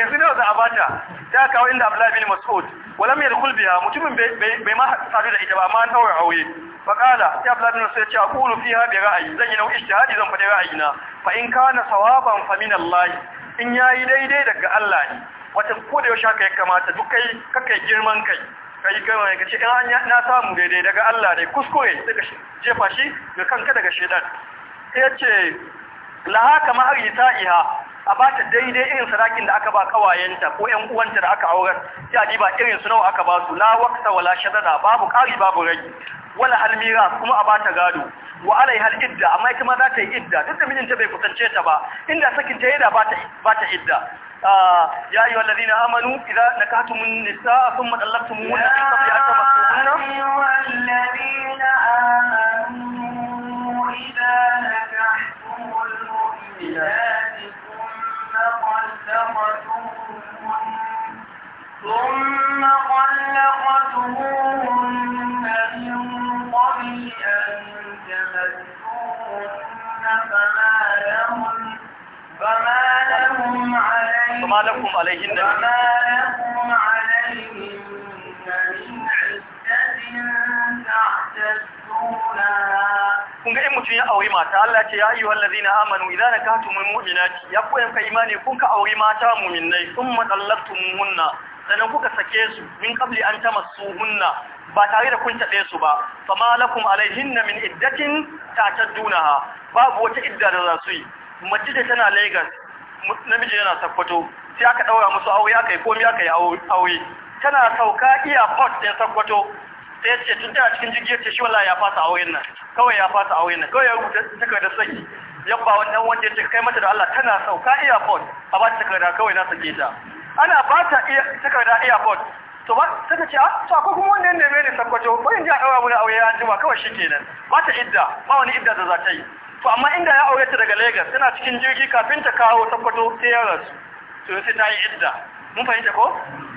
yanzu nawa za a bata ta kawo inda Abdullahi bin Mas'ud walam yadkhul biha mutumin bai ma sadu da ita ba amma an daura aure fa qala ya bladin sai ce aqulu fiha bi ra'ayi zan yi nau ijtihadi zan faɗi na. fa in kana sawaban fa min Allah in yayi daidai daga Allah ne wata ko da yaushe kai kamata duk kai kakai girman kai kai gama ka ce in na samu daidai daga Allah ne kuskure daga jefa shi ga kanka daga shedan sai ya ce laha kama har yi ta'iha a ba ta daidai irin sadakin da aka ba kawayenta ko ƴan uwanta da aka aurar sai a diba irin su nawa aka ba su la waqta wala shadada babu kari babu ragi wala halmira kuma a ba ta gado wa alai hal idda amma ita ma za ta yi idda duk da mijinta bai kusance ta ba inda sakin ta yada ba ta ba ta idda ya ayyuhal ladina amanu idza nakahtumun nisaa thumma talaqtumuhunna min qabli an tamassuhunna ayyuhal ladina amanu idza nakahtumul ثم خلقتموهن من قبل أن تمسوهن فما لهم فما لهم عليهن فما لكم عليهن فما لكم عليهن من عدة تعتدونها kun ga in mutum ya auri mata Allah ce ya yi wallazi na amanu idan ka tumul mu'minati ya koyan ka imani kun ka auri mata mu'minnai sun matsallatun munna sannan kuka sake su min kabli an ta hunna ba tare da kun taɓe su ba ma lakum na min iddatin tataddunaha babu wata idda da za su yi mace da tana Lagos namiji yana Sokoto sai aka ɗaura musu aure aka yi komai aka yi aure tana sauka iya port ɗin Sokoto sai ce tun tana cikin jirgi ce shi wallahi ya fasa auren nan kawai ya fasa auren nan kawai ya rubuta takardar saki yabba wannan wanda ya ce kai mata da Allah tana sauka iya port a ba ta takarda kawai na sake ta ana ba ta iya takarda airport to ba ta ce ah to akwai kuma wanda wannan ne sakwato ko in ji a daura aure ya jima kawai shi kenan. ba ta idda ba wani idda da za ta yi to amma inda ya aure ta daga Lagos tana cikin jirgi kafin ta kawo sakwato sai ya rasu to sai ta yi idda mun fahimta ko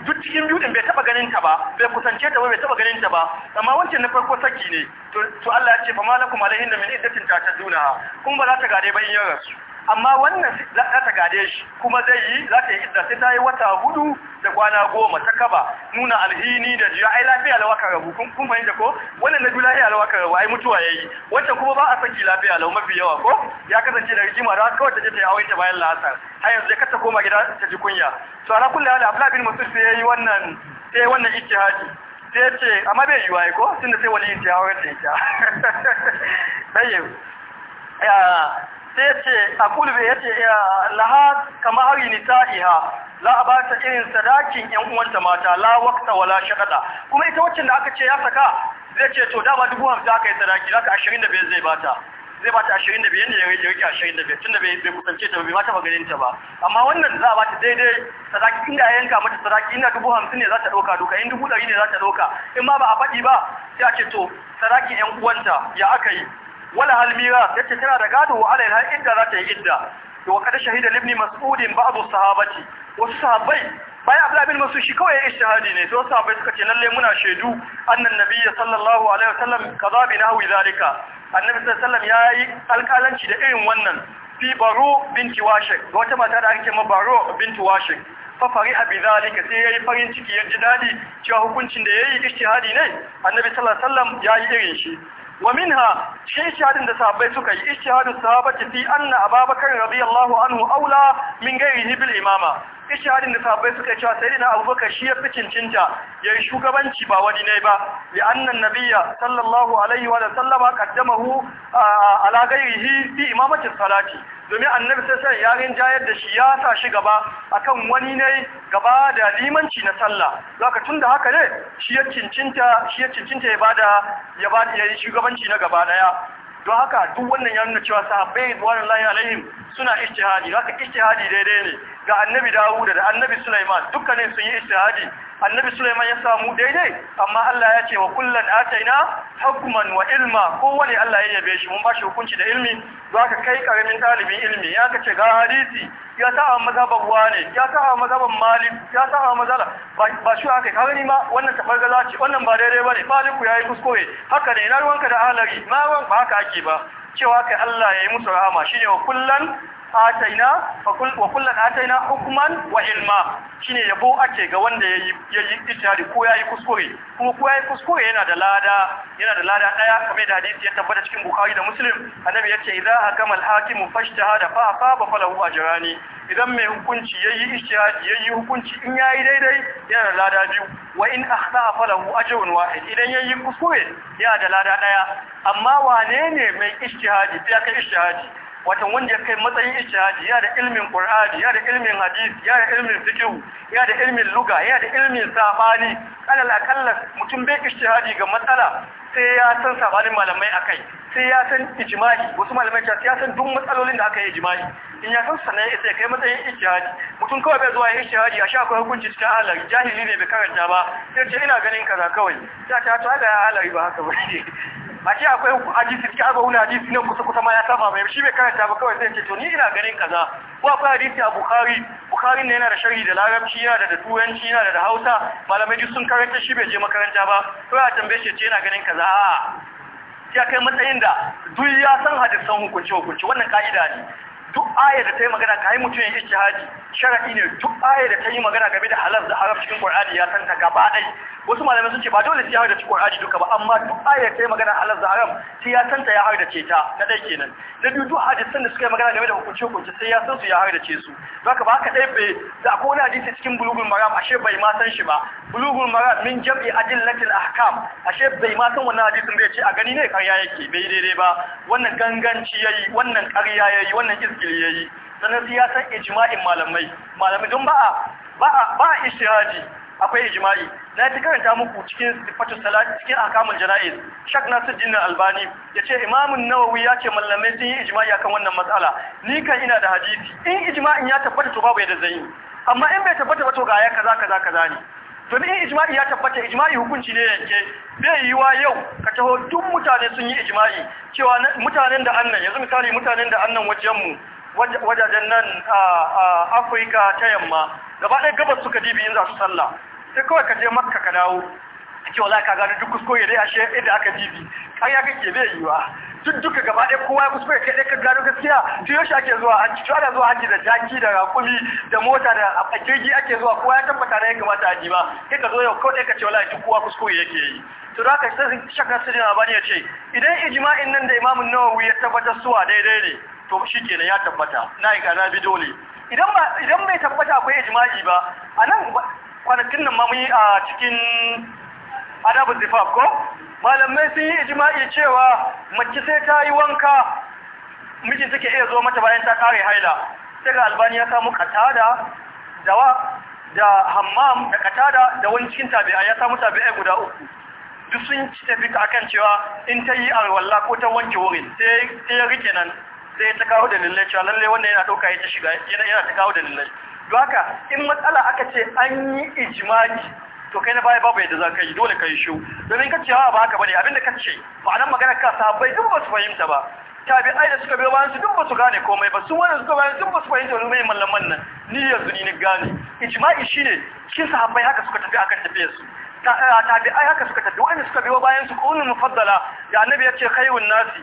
duk cikin biyu din bai taba ganin ta ba bai kusance ta ba bai taba ganin ta ba amma wancan na farko saki ne to Allah ya ce fa malakum alaihin min iddatin ta ta duna kun ba za ta gare ba in ya rasu amma wannan za ta gade shi kuma zai yi za ta yi idda sai ta yi wata hudu da kwana goma ta kaba nuna alhini da jiya ai lafiya lawa ka rabu kun kun fahimta ko wannan na ju lafiya lawa ka rabu ai mutuwa yayi wacce kuma ba a saki lafiya lawa mafi yawa ko ya kasance da rigima da kawai ta je ta yi aure ta bayan la'asar har yanzu ka ta koma gida ta ji kunya to ala kullu hal abla bin musul sai yayi wannan sai wannan ijtihadi sai ce amma bai yi wai ko tunda sai waliyin ta aure da ita tayyib sai ce a kulbe ya ce laha kama hari ni ta'iha la a ba ta irin sadakin yan uwanta mata la wakta wala shakada kuma ita wacce da aka ce ya saka zai ce to dama dubu hamsin aka yi sadaki za ka ashirin da biyar zai bata zai bata ashirin da biyar ne ya rike ashirin da biyar tun da bai kusance ta bai mata maganin ta ba amma wannan za a bata daidai sadaki inda ya yanka mata sadaki inda dubu hamsin ne za ta ɗauka duka in dubu ɗari ne za ta ɗauka in ma ba a faɗi ba sai a ce to sadakin yan uwanta ya aka yi wala halmira yace tana da gado wa alaiha inda za ta yi idda to kada shahida ibn mas'ud ba'd sahabati wasu sahabbai bayan abdullahi bin mas'ud shi kawai ishtihadi ne to sahabbai suka ce lalle muna shaidu annan nabiyyi sallallahu alaihi wasallam kaza bi nahwi zalika annabi sallallahu alaihi wasallam yayi alƙalanci da irin wannan fi baro binti washek ga wata mata da ake ma baro binti Fa fafari a bizalika sai yayi farin ciki ya ji dadi cewa hukuncin da yayi ishtihadi ne annabi sallallahu alaihi wasallam yayi irin shi wa minha shi shahadin da sahabbai suka yi ishhadu sahabati fi anna ababakar radiyallahu anhu aula min ghairihi bil imama ishhadin da sahabbai suka cewa sayyidina abubakar shi ya fi cincinta yayi shugabanci ba wani ne ba li anna nabiyya sallallahu alaihi wa sallama qaddamahu ala ghairihi fi imamati salati domin annabi sai sai ya rinjayar da shi ya sa shi gaba akan wani ne gaba da limanci na sallah tun da haka ne shi ya cincinta shi ya cincinta ya bada ya yi shugabanci na gaba daya don haka duk wannan ya nuna cewa sahabbai radiyallahu alaihim suna ijtihadi zaka ijtihadi daidai ne ga annabi Dawuda da annabi Sulaiman dukkanin sun yi ishadi annabi Sulaiman ya samu daidai amma Allah ya ce wa kullan ataina hukman wa ilma kowane Allah ya yabe shi mun bashi hukunci da ilmi zaka kai karamin talibin ilmi ya kace ga hadisi ya ta a mazhaban wani ya ta a mazhaban malik ya ta a mazala ba shi haka ka gani ma wannan tafargaza ce wannan ba daidai bane maliku yayi kuskure haka ne na ruwanka da halari ma ba haka ake ba cewa kai Allah ya yi musu rahama shine wa kullan ataina wa kullun ataina hukman wa ilma shine yabo ake ga wanda yayi yayi ijtihadi ko yayi kuskure kuma ko yayi kuskure yana da lada yana da lada daya kamar da hadisi ya tabbata cikin bukhari da muslim annabi yace idza hakama al-hakim fashtahada fa asaba falahu ajrani idan mai hukunci yayi ya yayi hukunci in yayi daidai yana da lada biyu wa in akhta falahu ajrun wahid idan yayi kuskure yana da lada daya amma wane ne mai ijtihadi sai kai ijtihadi watan wanda ya kai matsayin ijtihadi ya da ilmin qur'ani ya da ilmin hadisi ya da ilmin fiqh ya da ilmin luga ya da ilmin sabani la akalla mutum bai ijtihadi ga matsala sai ya san sabanin malamai akai sai ya san ijma'i wasu malamai ta ya san duk matsalolin da aka yi ijma'i in ya san sanai sai kai matsayin ijtihadi mutum kawai bai zuwa yin ijtihadi a sha hukunci ta Allah jahili ne bai karanta ba sai ce ina ganin kaza kawai ta ta ta ga halari ba haka ba a akwai hadisi suke aka wani hadisi nan kusa kusa ma ya saba mai shi bai karanta ba kawai zai ce to ni ina ganin kaza ko akwai hadisi a bukhari bukari ne yana da sharhi da larabci yana da turanci yana da hausa malamai duk sun karanta shi bai je makaranta ba to ya tambaye shi ce yana ganin kaza a ya kai matsayin da duk ya san hadisan hukunci hukunci wannan ka'ida ne duk ayar da ta yi magana ka yi mutum ya ijtihadi sharadi ne duk ayar da ta yi magana game da halal da haram cikin Qur'ani ya san ta gaba dai wasu malamai sun ce ba dole sai ya da cikin Qur'ani duka ba amma duk ayar da ta yi magana halal da haram sai ya san ta ya harda ce ta na dai kenan da duk duk hadisan da suka yi magana game da hukunci hukunci sai ya san su ya harda ce su haka ba ka dai bai da ko wani hadisi cikin bulugul maram ashe bai ma san shi ba bulugul maram min jam'i adillatil ahkam ashe bai ma san wannan hadisin bai ce a gani ne karya yake bai daidai ba wannan ganganci yayi wannan karya yayi wannan ya yi sannan sai ya san ijima'in malamai malamai don ba a ba akwai ijima'i. na ta karanta muku cikin sifatun salati cikin akamun janaiz shak nasiruddin albani ya ce imamun nawawi ya ce malamai sun yi ijima'i akan wannan matsala ni kan ina da hadisi in ijima'in ya tabbata to babu yadda zai yi amma in bai tabbata ba to ga ya kaza kaza kaza ne to in ijma'i ya tabbata ijma'i hukunci ne yanke bai yiwa yau ka taho duk mutane sun yi ijma'i cewa mutanen da annan yanzu misali mutanen da annan mu wajajen nan a afirka ta yamma gaba ɗaya gabas suka dibi yin za su sallah sai kawai ka je makka ka dawo cewa za ka gano duk kuskure dai ashe inda aka dibi ya kake bai yiwa duk duka gaba ɗaya kowa ya kuskure kai ɗaya ka gano gaskiya tun yaushe ake zuwa a cikin ana zuwa haji da jaki da rakumi da mota da a jirgi ake zuwa kowa ya tabbata na ya kamata haji ba kai ka zo yau kawai ɗaya ka ce wala duk kowa kuskure yake yi to da haka sai shakka na abani ya ce idan ijma'in nan da imamun nawawi ya tabbatar suwa daidai ne to shi kenan ya tabbata na yi kana bi dole idan ba idan bai tabbata akwai ijma'i ba a nan kwanakin nan ma mun yi a cikin adabu zifaf ko malamai sun yi ijima'i cewa mace sai ta yi wanka miji suke iya zo mata bayan ta kare haila sai ga albani ya samu katada wa da hammam da katada da wani cikin tabi'a ya samu tabi'a guda uku duk sun tafi akan cewa in ta yi alwala ko ta wanke wurin sai ya rike nan sai ta kawo dalilai cewa lalle wanda yana ɗauka ya ta shiga yana ta kawo dalilai duk haka in matsala aka ce an yi ijma'i to kai na baya babu yadda za ka yi dole ka yi shiru domin ka cewa ba haka bane abinda ka ce ba nan magana ka sahabbai duk ba su fahimta ba tabi'ai da suka biyo bayan su duk ba su gane komai ba su wani suka bayan duk ba su fahimta wani mai mallaman nan ni yanzu ni ni gane ijma'i shine shi sahabbai haka suka tafi akan tafiyar su tabi'ai haka suka tafi wanda suka biyo bayan su qulul mufaddala da annabi ya ce khayrun nasi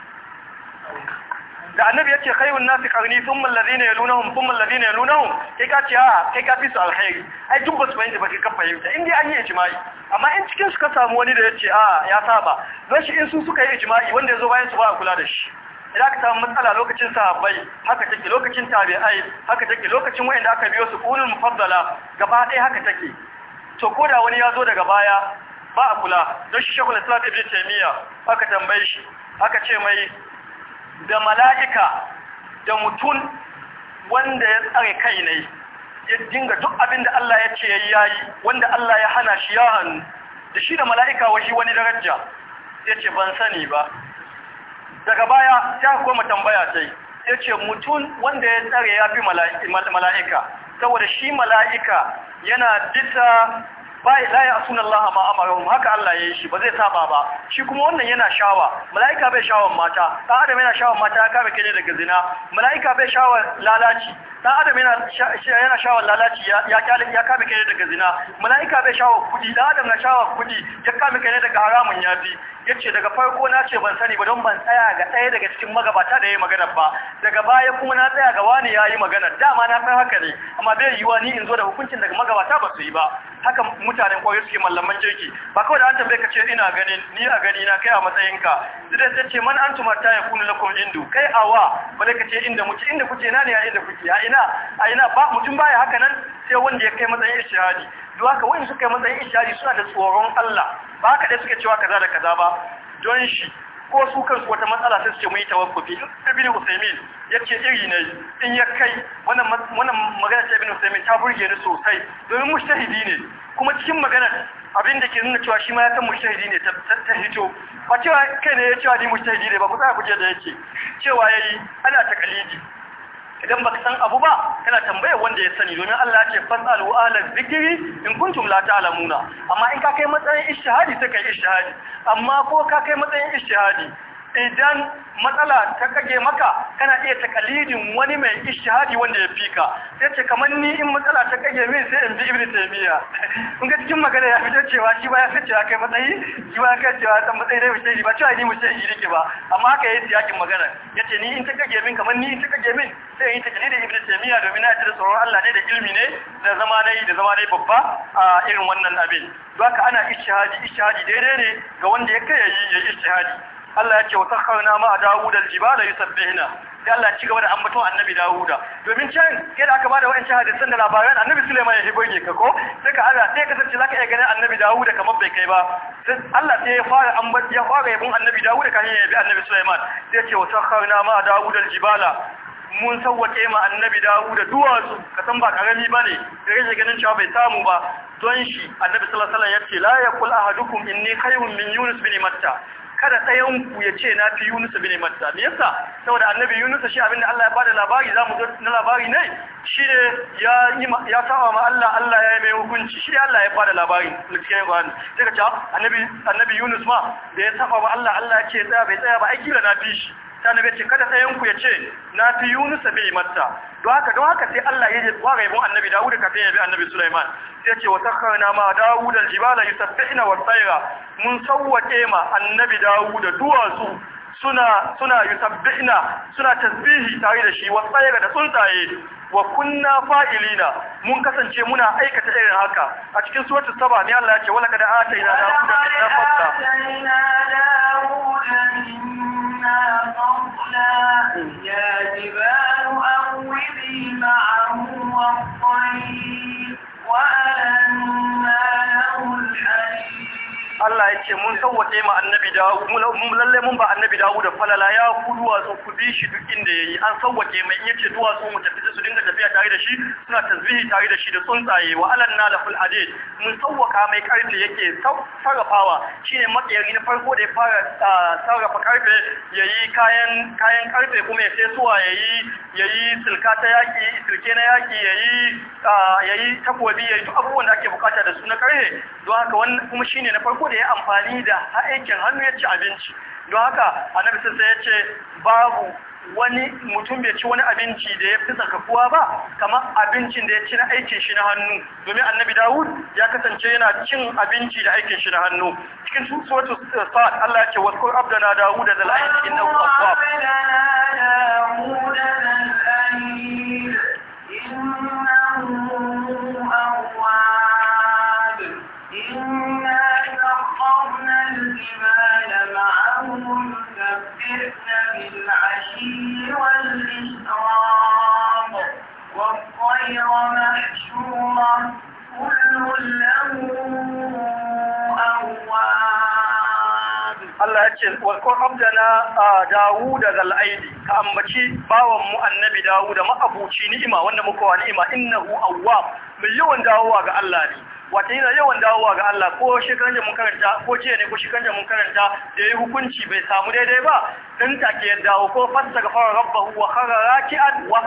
da annabi yace khayrun nasi qarni thumma alladhina yalunhum thumma alladhina yalunhum kai ka ce a kai ka fi su alkhairi ai duk basu fahimta ba kai ka fahimta in dai an yi ijma'i amma in cikin su ka samu wani da yace a ya saba don shi in su suka yi ijma'i wanda ya zo bayan su ba a kula da shi idan aka samu matsala lokacin sahabbai haka take lokacin tabi'ai haka take lokacin wanda aka biyo su qulul mufaddala gaba ɗaya haka take to koda wani ya zo daga baya ba a kula don shi shekul islam ibn taymiya aka tambaye shi aka ce mai da mala'ika da mutum wanda ya tsare kai ne ya dinga duk abin da Allah ya ce ya yi wanda Allah ya hana shi ya hannu da shi da mala'ika washi wani daraja ya ce ban sani ba daga baya ta koma tambaya sai ya ce mutum wanda ya tsare ya fi mala'ika saboda shi mala'ika yana bisa bai la ya asuna Allah ma amarahum haka Allah ya yi shi ba zai saba ba shi kuma wannan yana shawa malaika bai shawan mata dan adam yana shawan mata ya kame kene daga zina malaika bai shawan lalaci dan adam yana yana shawan lalaci ya kyale ya kame kene daga zina malaika bai shawan kudi dan adam na shawan kudi ya kame kene daga haramun yafi yace daga farko na ce ban sani ba don ban tsaya ga ɗaya daga cikin magabata da yayi magana ba daga baya kuma na tsaya ga wani yayi magana dama na san haka ne amma bai yiwa ni in zo da hukuncin daga magabata ba su yi ba haka mutanen kwayo suke mallaman jirgi ba kawai da an tambaye ka ce ina ganin ni a gani na kai a matsayinka idan ta ce man an ta ya kunu kuma indu kai awa ba ka ce inda muke inda kuke na ne a inda kuke a ina a ina ba mutum baya haka nan sai wanda ya kai matsayin ishihadi don haka wanda suka kai matsayin ishihadi suna da tsoron Allah ba haka dai suke cewa kaza da kaza ba don shi ko su kansu wata matsala sai su ce mun yi tawakkufi ibn usaymin yace iri ne in ya kai wannan wannan magana ta ibn usaymin ta burge ni sosai domin mushtahidi ne kuma cikin magana abin da ke nuna cewa shi ma ya san mushtahidi ne ta hito ba cewa kai ne ya cewa ni mushtahidi ne ba ku tsaya ku je da yake cewa yayi ana taqalidi idan baka san abu ba kana tambayar wanda ya sani domin Allah ce fasalu ala zikiri in kuntum la ta'lamuna amma in ka kai matsayin ishtihadi sai kai ishtihadi amma ko ka kai matsayin ishtihadi idan matsala ta kage maka kana iya takalidin wani mai ishihadi wanda ya fika sai ce kamar ni in matsala ta kage min sai in bi ibnu taymiya kun ga cikin magana ya fito cewa shi ba ya sace ya kai matsayi shi ba ya kai cewa san matsayi ne shi ba cewa ni mushi yi rike ba amma haka yayi tiyakin magana yace ni in ta kage min kamar ni in ta kage min sai in takalidin ibnu taymiya domin na jira tsoron Allah ne da ilmi ne da zama nayi da zama nayi babba a irin wannan abin haka ana ishihadi ishihadi daidai ne ga wanda ya kai yayi ishihadi Allah ya ce wa sakharna ma a al-jibala yusabbihna sai Allah ya ci gaba da ambaton annabi Dawuda domin can yadda aka bada wa'ancin hadisan da labaran annabi Sulaiman ya hiboge ka ko sai ka Allah sai kasance zaka iya ganin annabi Dawuda kamar bai kai ba sai Allah sai ya fara ambat ya fara yabon annabi Dawuda kan yabi annabi Sulaiman sai ya ce wa sakharna ma a al-jibala mun sauwake ma annabi Dawuda duwatsu ka san ba karami bane da rage ganin cewa bai samu ba don shi annabi sallallahu alaihi wasallam yace la yaqul ahadukum inni khayrun min yunus bin matta kada ɗayan ku ya ce na fi Yunus bin Matta me yasa saboda annabi Yunus shi abinda Allah ya bada labari zamu ga na labari ne shine ya yi ya saba ma Allah Allah ya yi mai hukunci shi Allah ya bada labari cikin Qur'ani sai ka ce ah, annabi annabi Yunus ma da ya saba ma Allah Allah ya ce tsaya bai tsaya ba ai kila na fi shi ta nabi ce kada sayan ku ya ce na fi Yunus bai matta don haka don haka sai Allah ya ga yabon annabi Dawud kafin ya bi annabi Sulaiman sai ce wa sakharna ma Dawud al-jibala yusabbihna mun sawwate ma annabi Dawud duwatsu suna suna yusabbihna suna tasbihi tare da shi wa tayra da tsuntsaye wa kunna fa'ilina mun kasance muna aikata irin haka a cikin suratul saba ne Allah ya ce wala kada ataina Dawud al ce mun sauwake ma annabi da mun lalle mun ba annabi dawo da falala ya ku duwatsu ku bi shi duk inda yayi an sauwake mai yace duwatsu mu tafi su dinga tafiya tare da shi suna tasbihi tare da shi da tsuntsaye wa na lahul hadid mun sauwaka mai karfi yake sarrafawa shine makiyari na farko da ya fara sarrafa karfe yayi kayan kayan karfe kuma ya fesuwa yayi yayi silka ta yaki silke na yaki yayi yayi takobi yayi duk abubuwan da ake bukata da su na karfe don haka wannan kuma shine na farko da ya amfani da aikin hannu ya ci abinci don haka haka annabi sai ya ce babu wani mutum bai ci wani abinci da ya fi tsakakuwa ba kamar abincin da ya ci na aikin shi na hannu domin annabi dawud ya kasance yana cin abinci da aikin shi na hannu cikin su sa'ad Allah ya ce wasu abdana dawud da zal'ayin inna huwa ce wakon abdana daga zal'aidi ka ambaci bawan mu annabi da ma'abuci ni'ima wanda muka wa ni'ima hu awwa mai yawan dawowa ga Allah ne wata yana yawan dawowa ga Allah ko shekaran jamun karanta ko jiya ne ko shekaran jamun karanta da ya yi hukunci bai samu daidai ba dan take ya dawo ko fasta ga fara rabbahu wa kara raki'an wa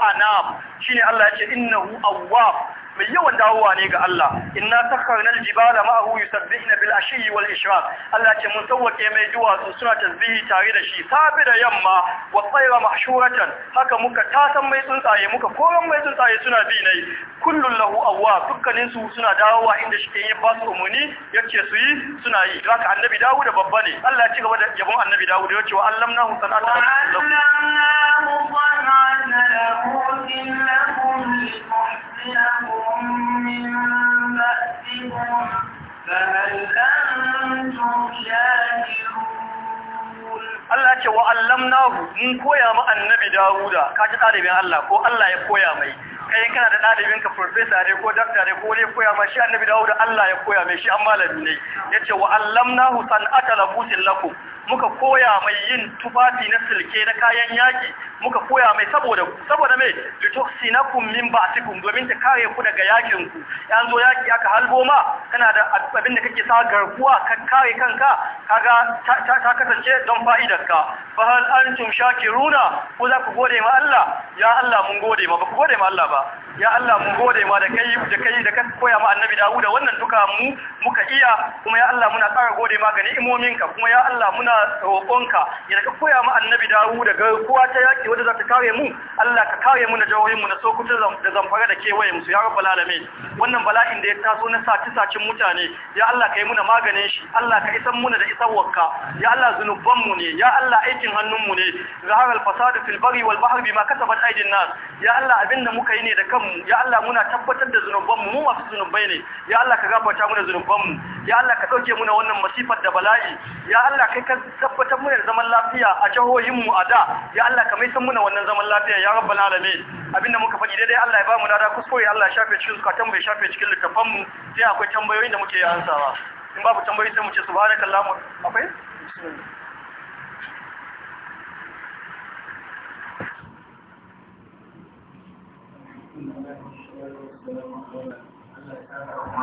shi ne Allah ya ce hu awwab mai yawan dawowa ne ga Allah inna sakharnal jibala ma'ahu yusabbihuna bil ashyi wal ishraq Allah ce mun sawwake mai duwatsu suna tasbihi tare da shi safi da yamma wa tsayra mahshuratan haka muka tasan mai tsuntsaye muka koran mai tsuntsaye suna bi ne kullun lahu awwa dukkanin su suna dawowa inda shi ke ba su umuni yace su yi suna yi haka annabi Dawud babba ne Allah ya ci gaba da yabon annabi Dawud yace wa allamnahu sanata lahu sanata lahu من بأسهم فهل Allah ce wa Nahu in koya ma annabi Dawuda ka ji ɗalibin Allah ko Allah ya koya mai kai kana da ka profesa ne ko dakta ne ko ne koya ma shi annabi Dawuda Allah ya koya mai shi an malami ne yace wa san san'ata lafusin lakum muka koya mai yin tufafi na silke na kayan yaki muka koya mai saboda ku saboda mai lituksinakum min ba'tikum domin ta kare ku daga yakin ku yan zo yaki aka halbo ma kana da abin da kake sa garkuwa ka kare kanka kaga ta kasance don fa'idar ka fa hal antum shakiruna ko za ku gode ma Allah ya Allah mun gode ma ba ku gode ma Allah ba ya Allah mun gode ma da kai da kai da ka koya ma annabi Dawud wannan duka mu muka iya kuma ya Allah muna tsara gode ma ga ni'imominka kuma ya Allah muna muna roƙonka ya ka koya mu annabi dawu da garkuwa ta yaki wadda za ta kare mu Allah ka kare mu na jawoyin mu na sokuta da zamfara da kewaye mu ya rabbal alamin wannan bala'in da ya taso na sati sacin mutane ya Allah ka yi na maganin shi Allah ka isan muna da isarwarka ya Allah zunuban mu ne ya Allah aikin hannun mu ne zaharal fasadu fil bari wal bahri bima kasabat aidin nas ya Allah abinda muka yi ne da kanmu ya Allah muna tabbatar da zunuban mu mu masu zunubai ne ya Allah ka gafarta muna zunuban mu ya Allah ka dauke muna wannan masifar da bala'i ya Allah kai ka tabbatar muna da zaman lafiya a jihohin mu a da ya Allah ka mai san muna wannan zaman lafiya ya rabbal alamin abinda muka faɗi daidai Allah ya ba mu nada kuskure Allah ya shafe cikin zukatan mu ya shafe cikin littafan mu sai akwai tambayoyin da muke yi ansawa in babu tambayoyi sai mu ce subhanakallah akwai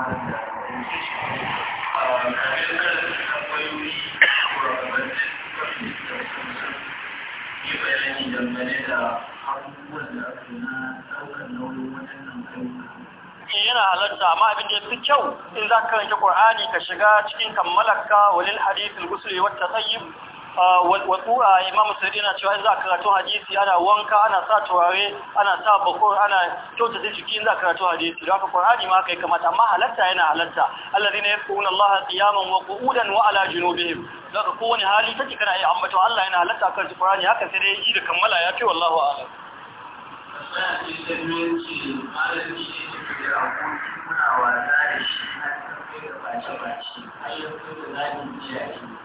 Thank you. dangane da abubuwan da aka na ɗaukar nauyin waɗannan ayyuka eh, yana halatta amma abin da ya fi kyau in za ka karanta Qur'ani ka shiga cikin kammalarka walil hadithul ghusl wa tasayyib watsuwa imamu sarari na cewa za a karatu hadisi ana wanka ana sa turare ana sa bakur ana kyautata jiki za a karatu hadisi da haka qur'ani ma kai kamata amma halatta yana halatta allazina yaquluna allaha qiyaman wa qu'udan wa ala junubihim daga kowane hali take kana yi amma to Allah yana halatta kan qur'ani haka sai dai yi da kammala ya ce wallahu a'lam muna wasa da shi na da bace-bace, ayyukan da za mu biya shi.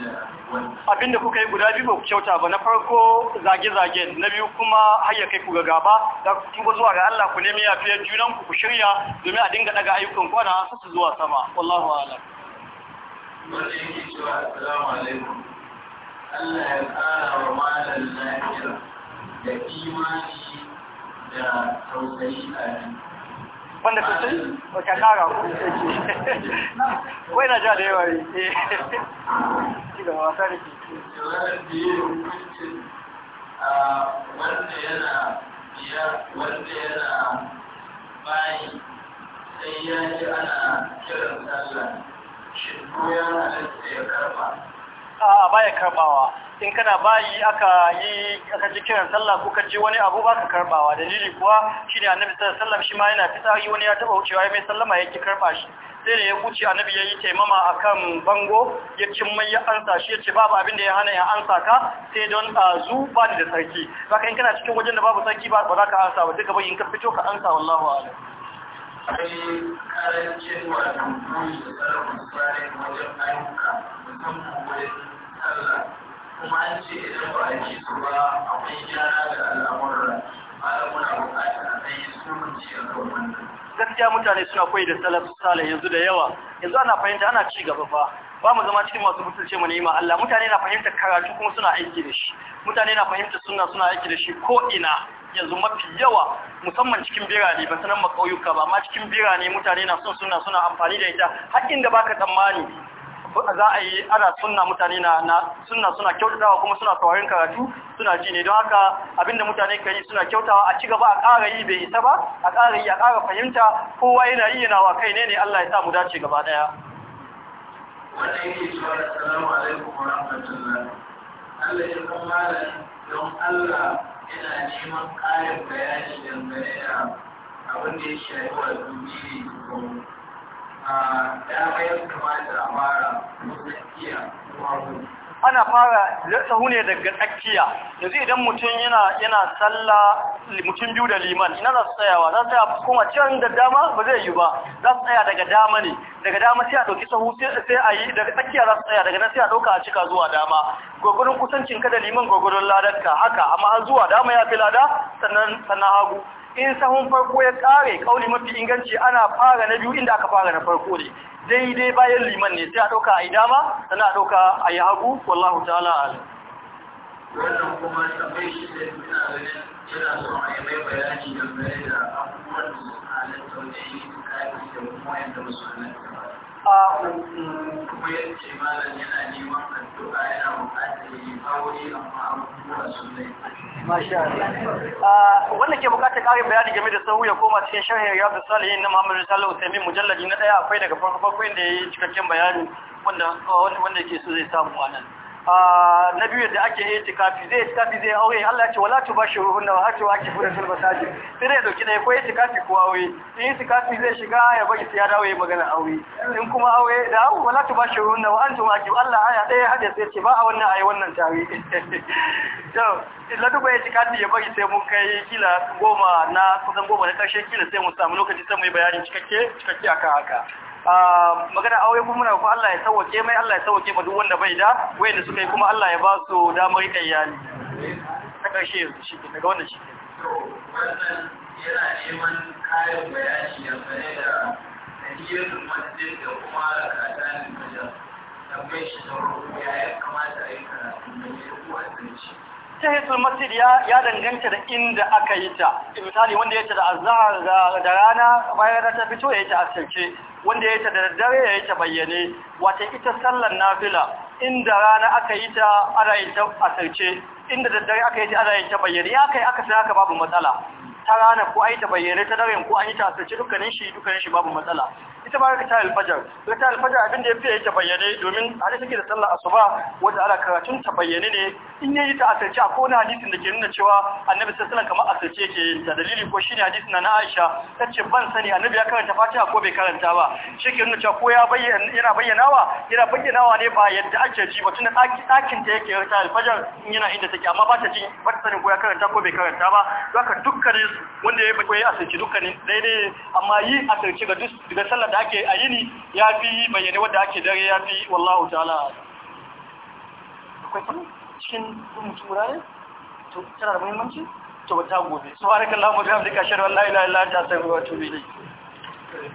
da abinda kuka yi guda biyu ba ku kyauta ba na farko zage-zage na biyu kuma hayar kai ku ga gaba da ku zuwa ga Allah ku nemi fiye junan ku ku shirya domin a dinga daga ayyukan kwana su zuwa sama Allah ya tsara wa malam lafiya da imani da tausayi a wanda ka sai baka kara ku wai na ja da yawa ne ci da wasa da ke wanda yana biya wanda yana bayi sai ya ji ana kiran sallah shi ko ya da ya karba a baya karbawa in kana bayi aka yi aka ji kiran sallah ko ka ji wani abu baka karbawa dalili kuwa shine annabi sallallahu alaihi wasallam shi ma yana fitsari wani ya taba wucewa mai sallama yake karba shi sai da ya wuce annabi yayi yi taimama a bango ya cin mai ya ansa shi ya ce babu abin da ya hana ya ansa ka sai don a zu ba da sarki baka in kana cikin wajen da babu sarki ba ba za ka ansa ba duka bai in ka fito ka ansa wallahu a'lam wajen ayyuka musamman wajen kuma an ce idan ba a su ba gyara da al'amuran alamun a a kan gaskiya mutane suna koyi da salaf salih yanzu da yawa yanzu ana fahimta ana ci gaba fa ba mu zama cikin masu mutunce mu nema Allah mutane na fahimta karatu kuma suna aiki da shi mutane na fahimta sunna suna aiki da shi ko ina yanzu mafi yawa musamman cikin birane ba sanan makauyuka ba amma cikin birane mutane na son sunna suna amfani da ita har da baka tsammani za a yi ana suna mutane na suna suna kyautawa kuma suna saurin karatu suna ji ne don haka abinda mutane ka yi suna kyautawa a cigaba a ƙara yi bai isa ba a ƙara yi a ƙara fahimta kowa yana yi yana wa kai ne ne Allah ya sa mu dace gaba daya abin da ya wa duniya ana fara sahu hune daga tsakiya yanzu idan mutum yana yana salla mutum biyu da liman ina za su tsayawa za su tsaya kuma can da dama ba zai yi ba za su tsaya daga dama ne daga dama sai a ɗauki sahu sai a yi daga tsakiya za su tsaya daga nan sai a ɗauka a cika zuwa dama gwagwarin kusancin ka da liman gwagwarin ladarka haka amma an zuwa dama ya fi lada sannan sannan hagu in sahun farko ya kare kauli mafi inganci ana fara na biyu inda aka fara na farko ne daidai bayan liman ne sai a dauka a idama dama a dauka a yi hagu wallahu ta'ala ala wannan kuma a wanda ke bukatar ƙarin bayani game da sahu ya koma cikin ya fi salihin na muhammadu salihu taimi mujallaji na daya akwai daga farko farko inda ya yi cikakken bayani wanda ke so zai samu a nan na biyu da ake yi tikafi zai tikafi zai aure Allah ya ce wala tu bashi ruhun na hatu wa ki fura sulba saji sai dai dauki dai ko yi tikafi ko aure in tikafi zai shiga ya bari sai ya dawo ya magana aure in kuma aure da wala tu bashi ruhun na wa antum aki Allah aya daya hada sai ce ba a wannan ayi wannan tawi to illa duba yi tikafi ya bari sai mun kai kila goma na kusan goma na karshe kila sai mu samu lokaci sai mu yi bayani cikakke cikakke aka haka Ah, magana aure kuma muna ko Allah ya sauke mai Allah ya sauke ma duk wanda bai da da suka yi kuma Allah ya ba su damar kai yani ta karshe shi ke daga wannan shi ke yana neman kayan bayani dangane da niyyar masjid da kuma rakatan majalis tambayar shi da ya kamata a yi karatu da ya kuwa shi tahisul masjid ya danganta da inda aka yi ta misali wanda ya ta da azhar da rana bayan ta fito ya yi ta wanda ya ta da daddare ya yi ta bayyane wato ita sallar nafila inda rana aka yi ta ara yi ta a asirce inda daddare aka yi ta ara yi ta bayyane ya kai aka saka babu matsala ta rana ko ai ta bayyane ta daren ko an yi ta asirce dukkanin shi dukkanin shi babu matsala ita ma raka ta alfajar raka alfajar abin da ya fiye ta bayyane domin hadisi take da sallar asuba wanda ana karatun ta bayyane ne in yayi ta asirce a wani hadisin da ke nuna cewa annabi sallallahu alaihi kamar asirce yake yin ta dalili ko shine hadisin na Aisha ta ce ban sani annabi ya karanta Fatiha ko bai karanta ba shi ke nuna cewa ko ya bayyana yana bayyanawa yana bayyanawa ne ba yadda ake ji ba tunda daki dakin ta yake ta alfajar in yana inda take amma ba ta ji ba ta sani ko ya karanta ko bai karanta ba haka dukkanin wanda ya bayyana asirce dukkanin daidai amma yi asirce ga duk da ake ayini ya fi bayyane wadda ake dare ya fi wallahu ta'ala akwai kuma cikin mutum wurare to tana da muhimmanci to wata ta gobe su wa lamurin ashhadu an la ilaha ta anta astaghfiruka wa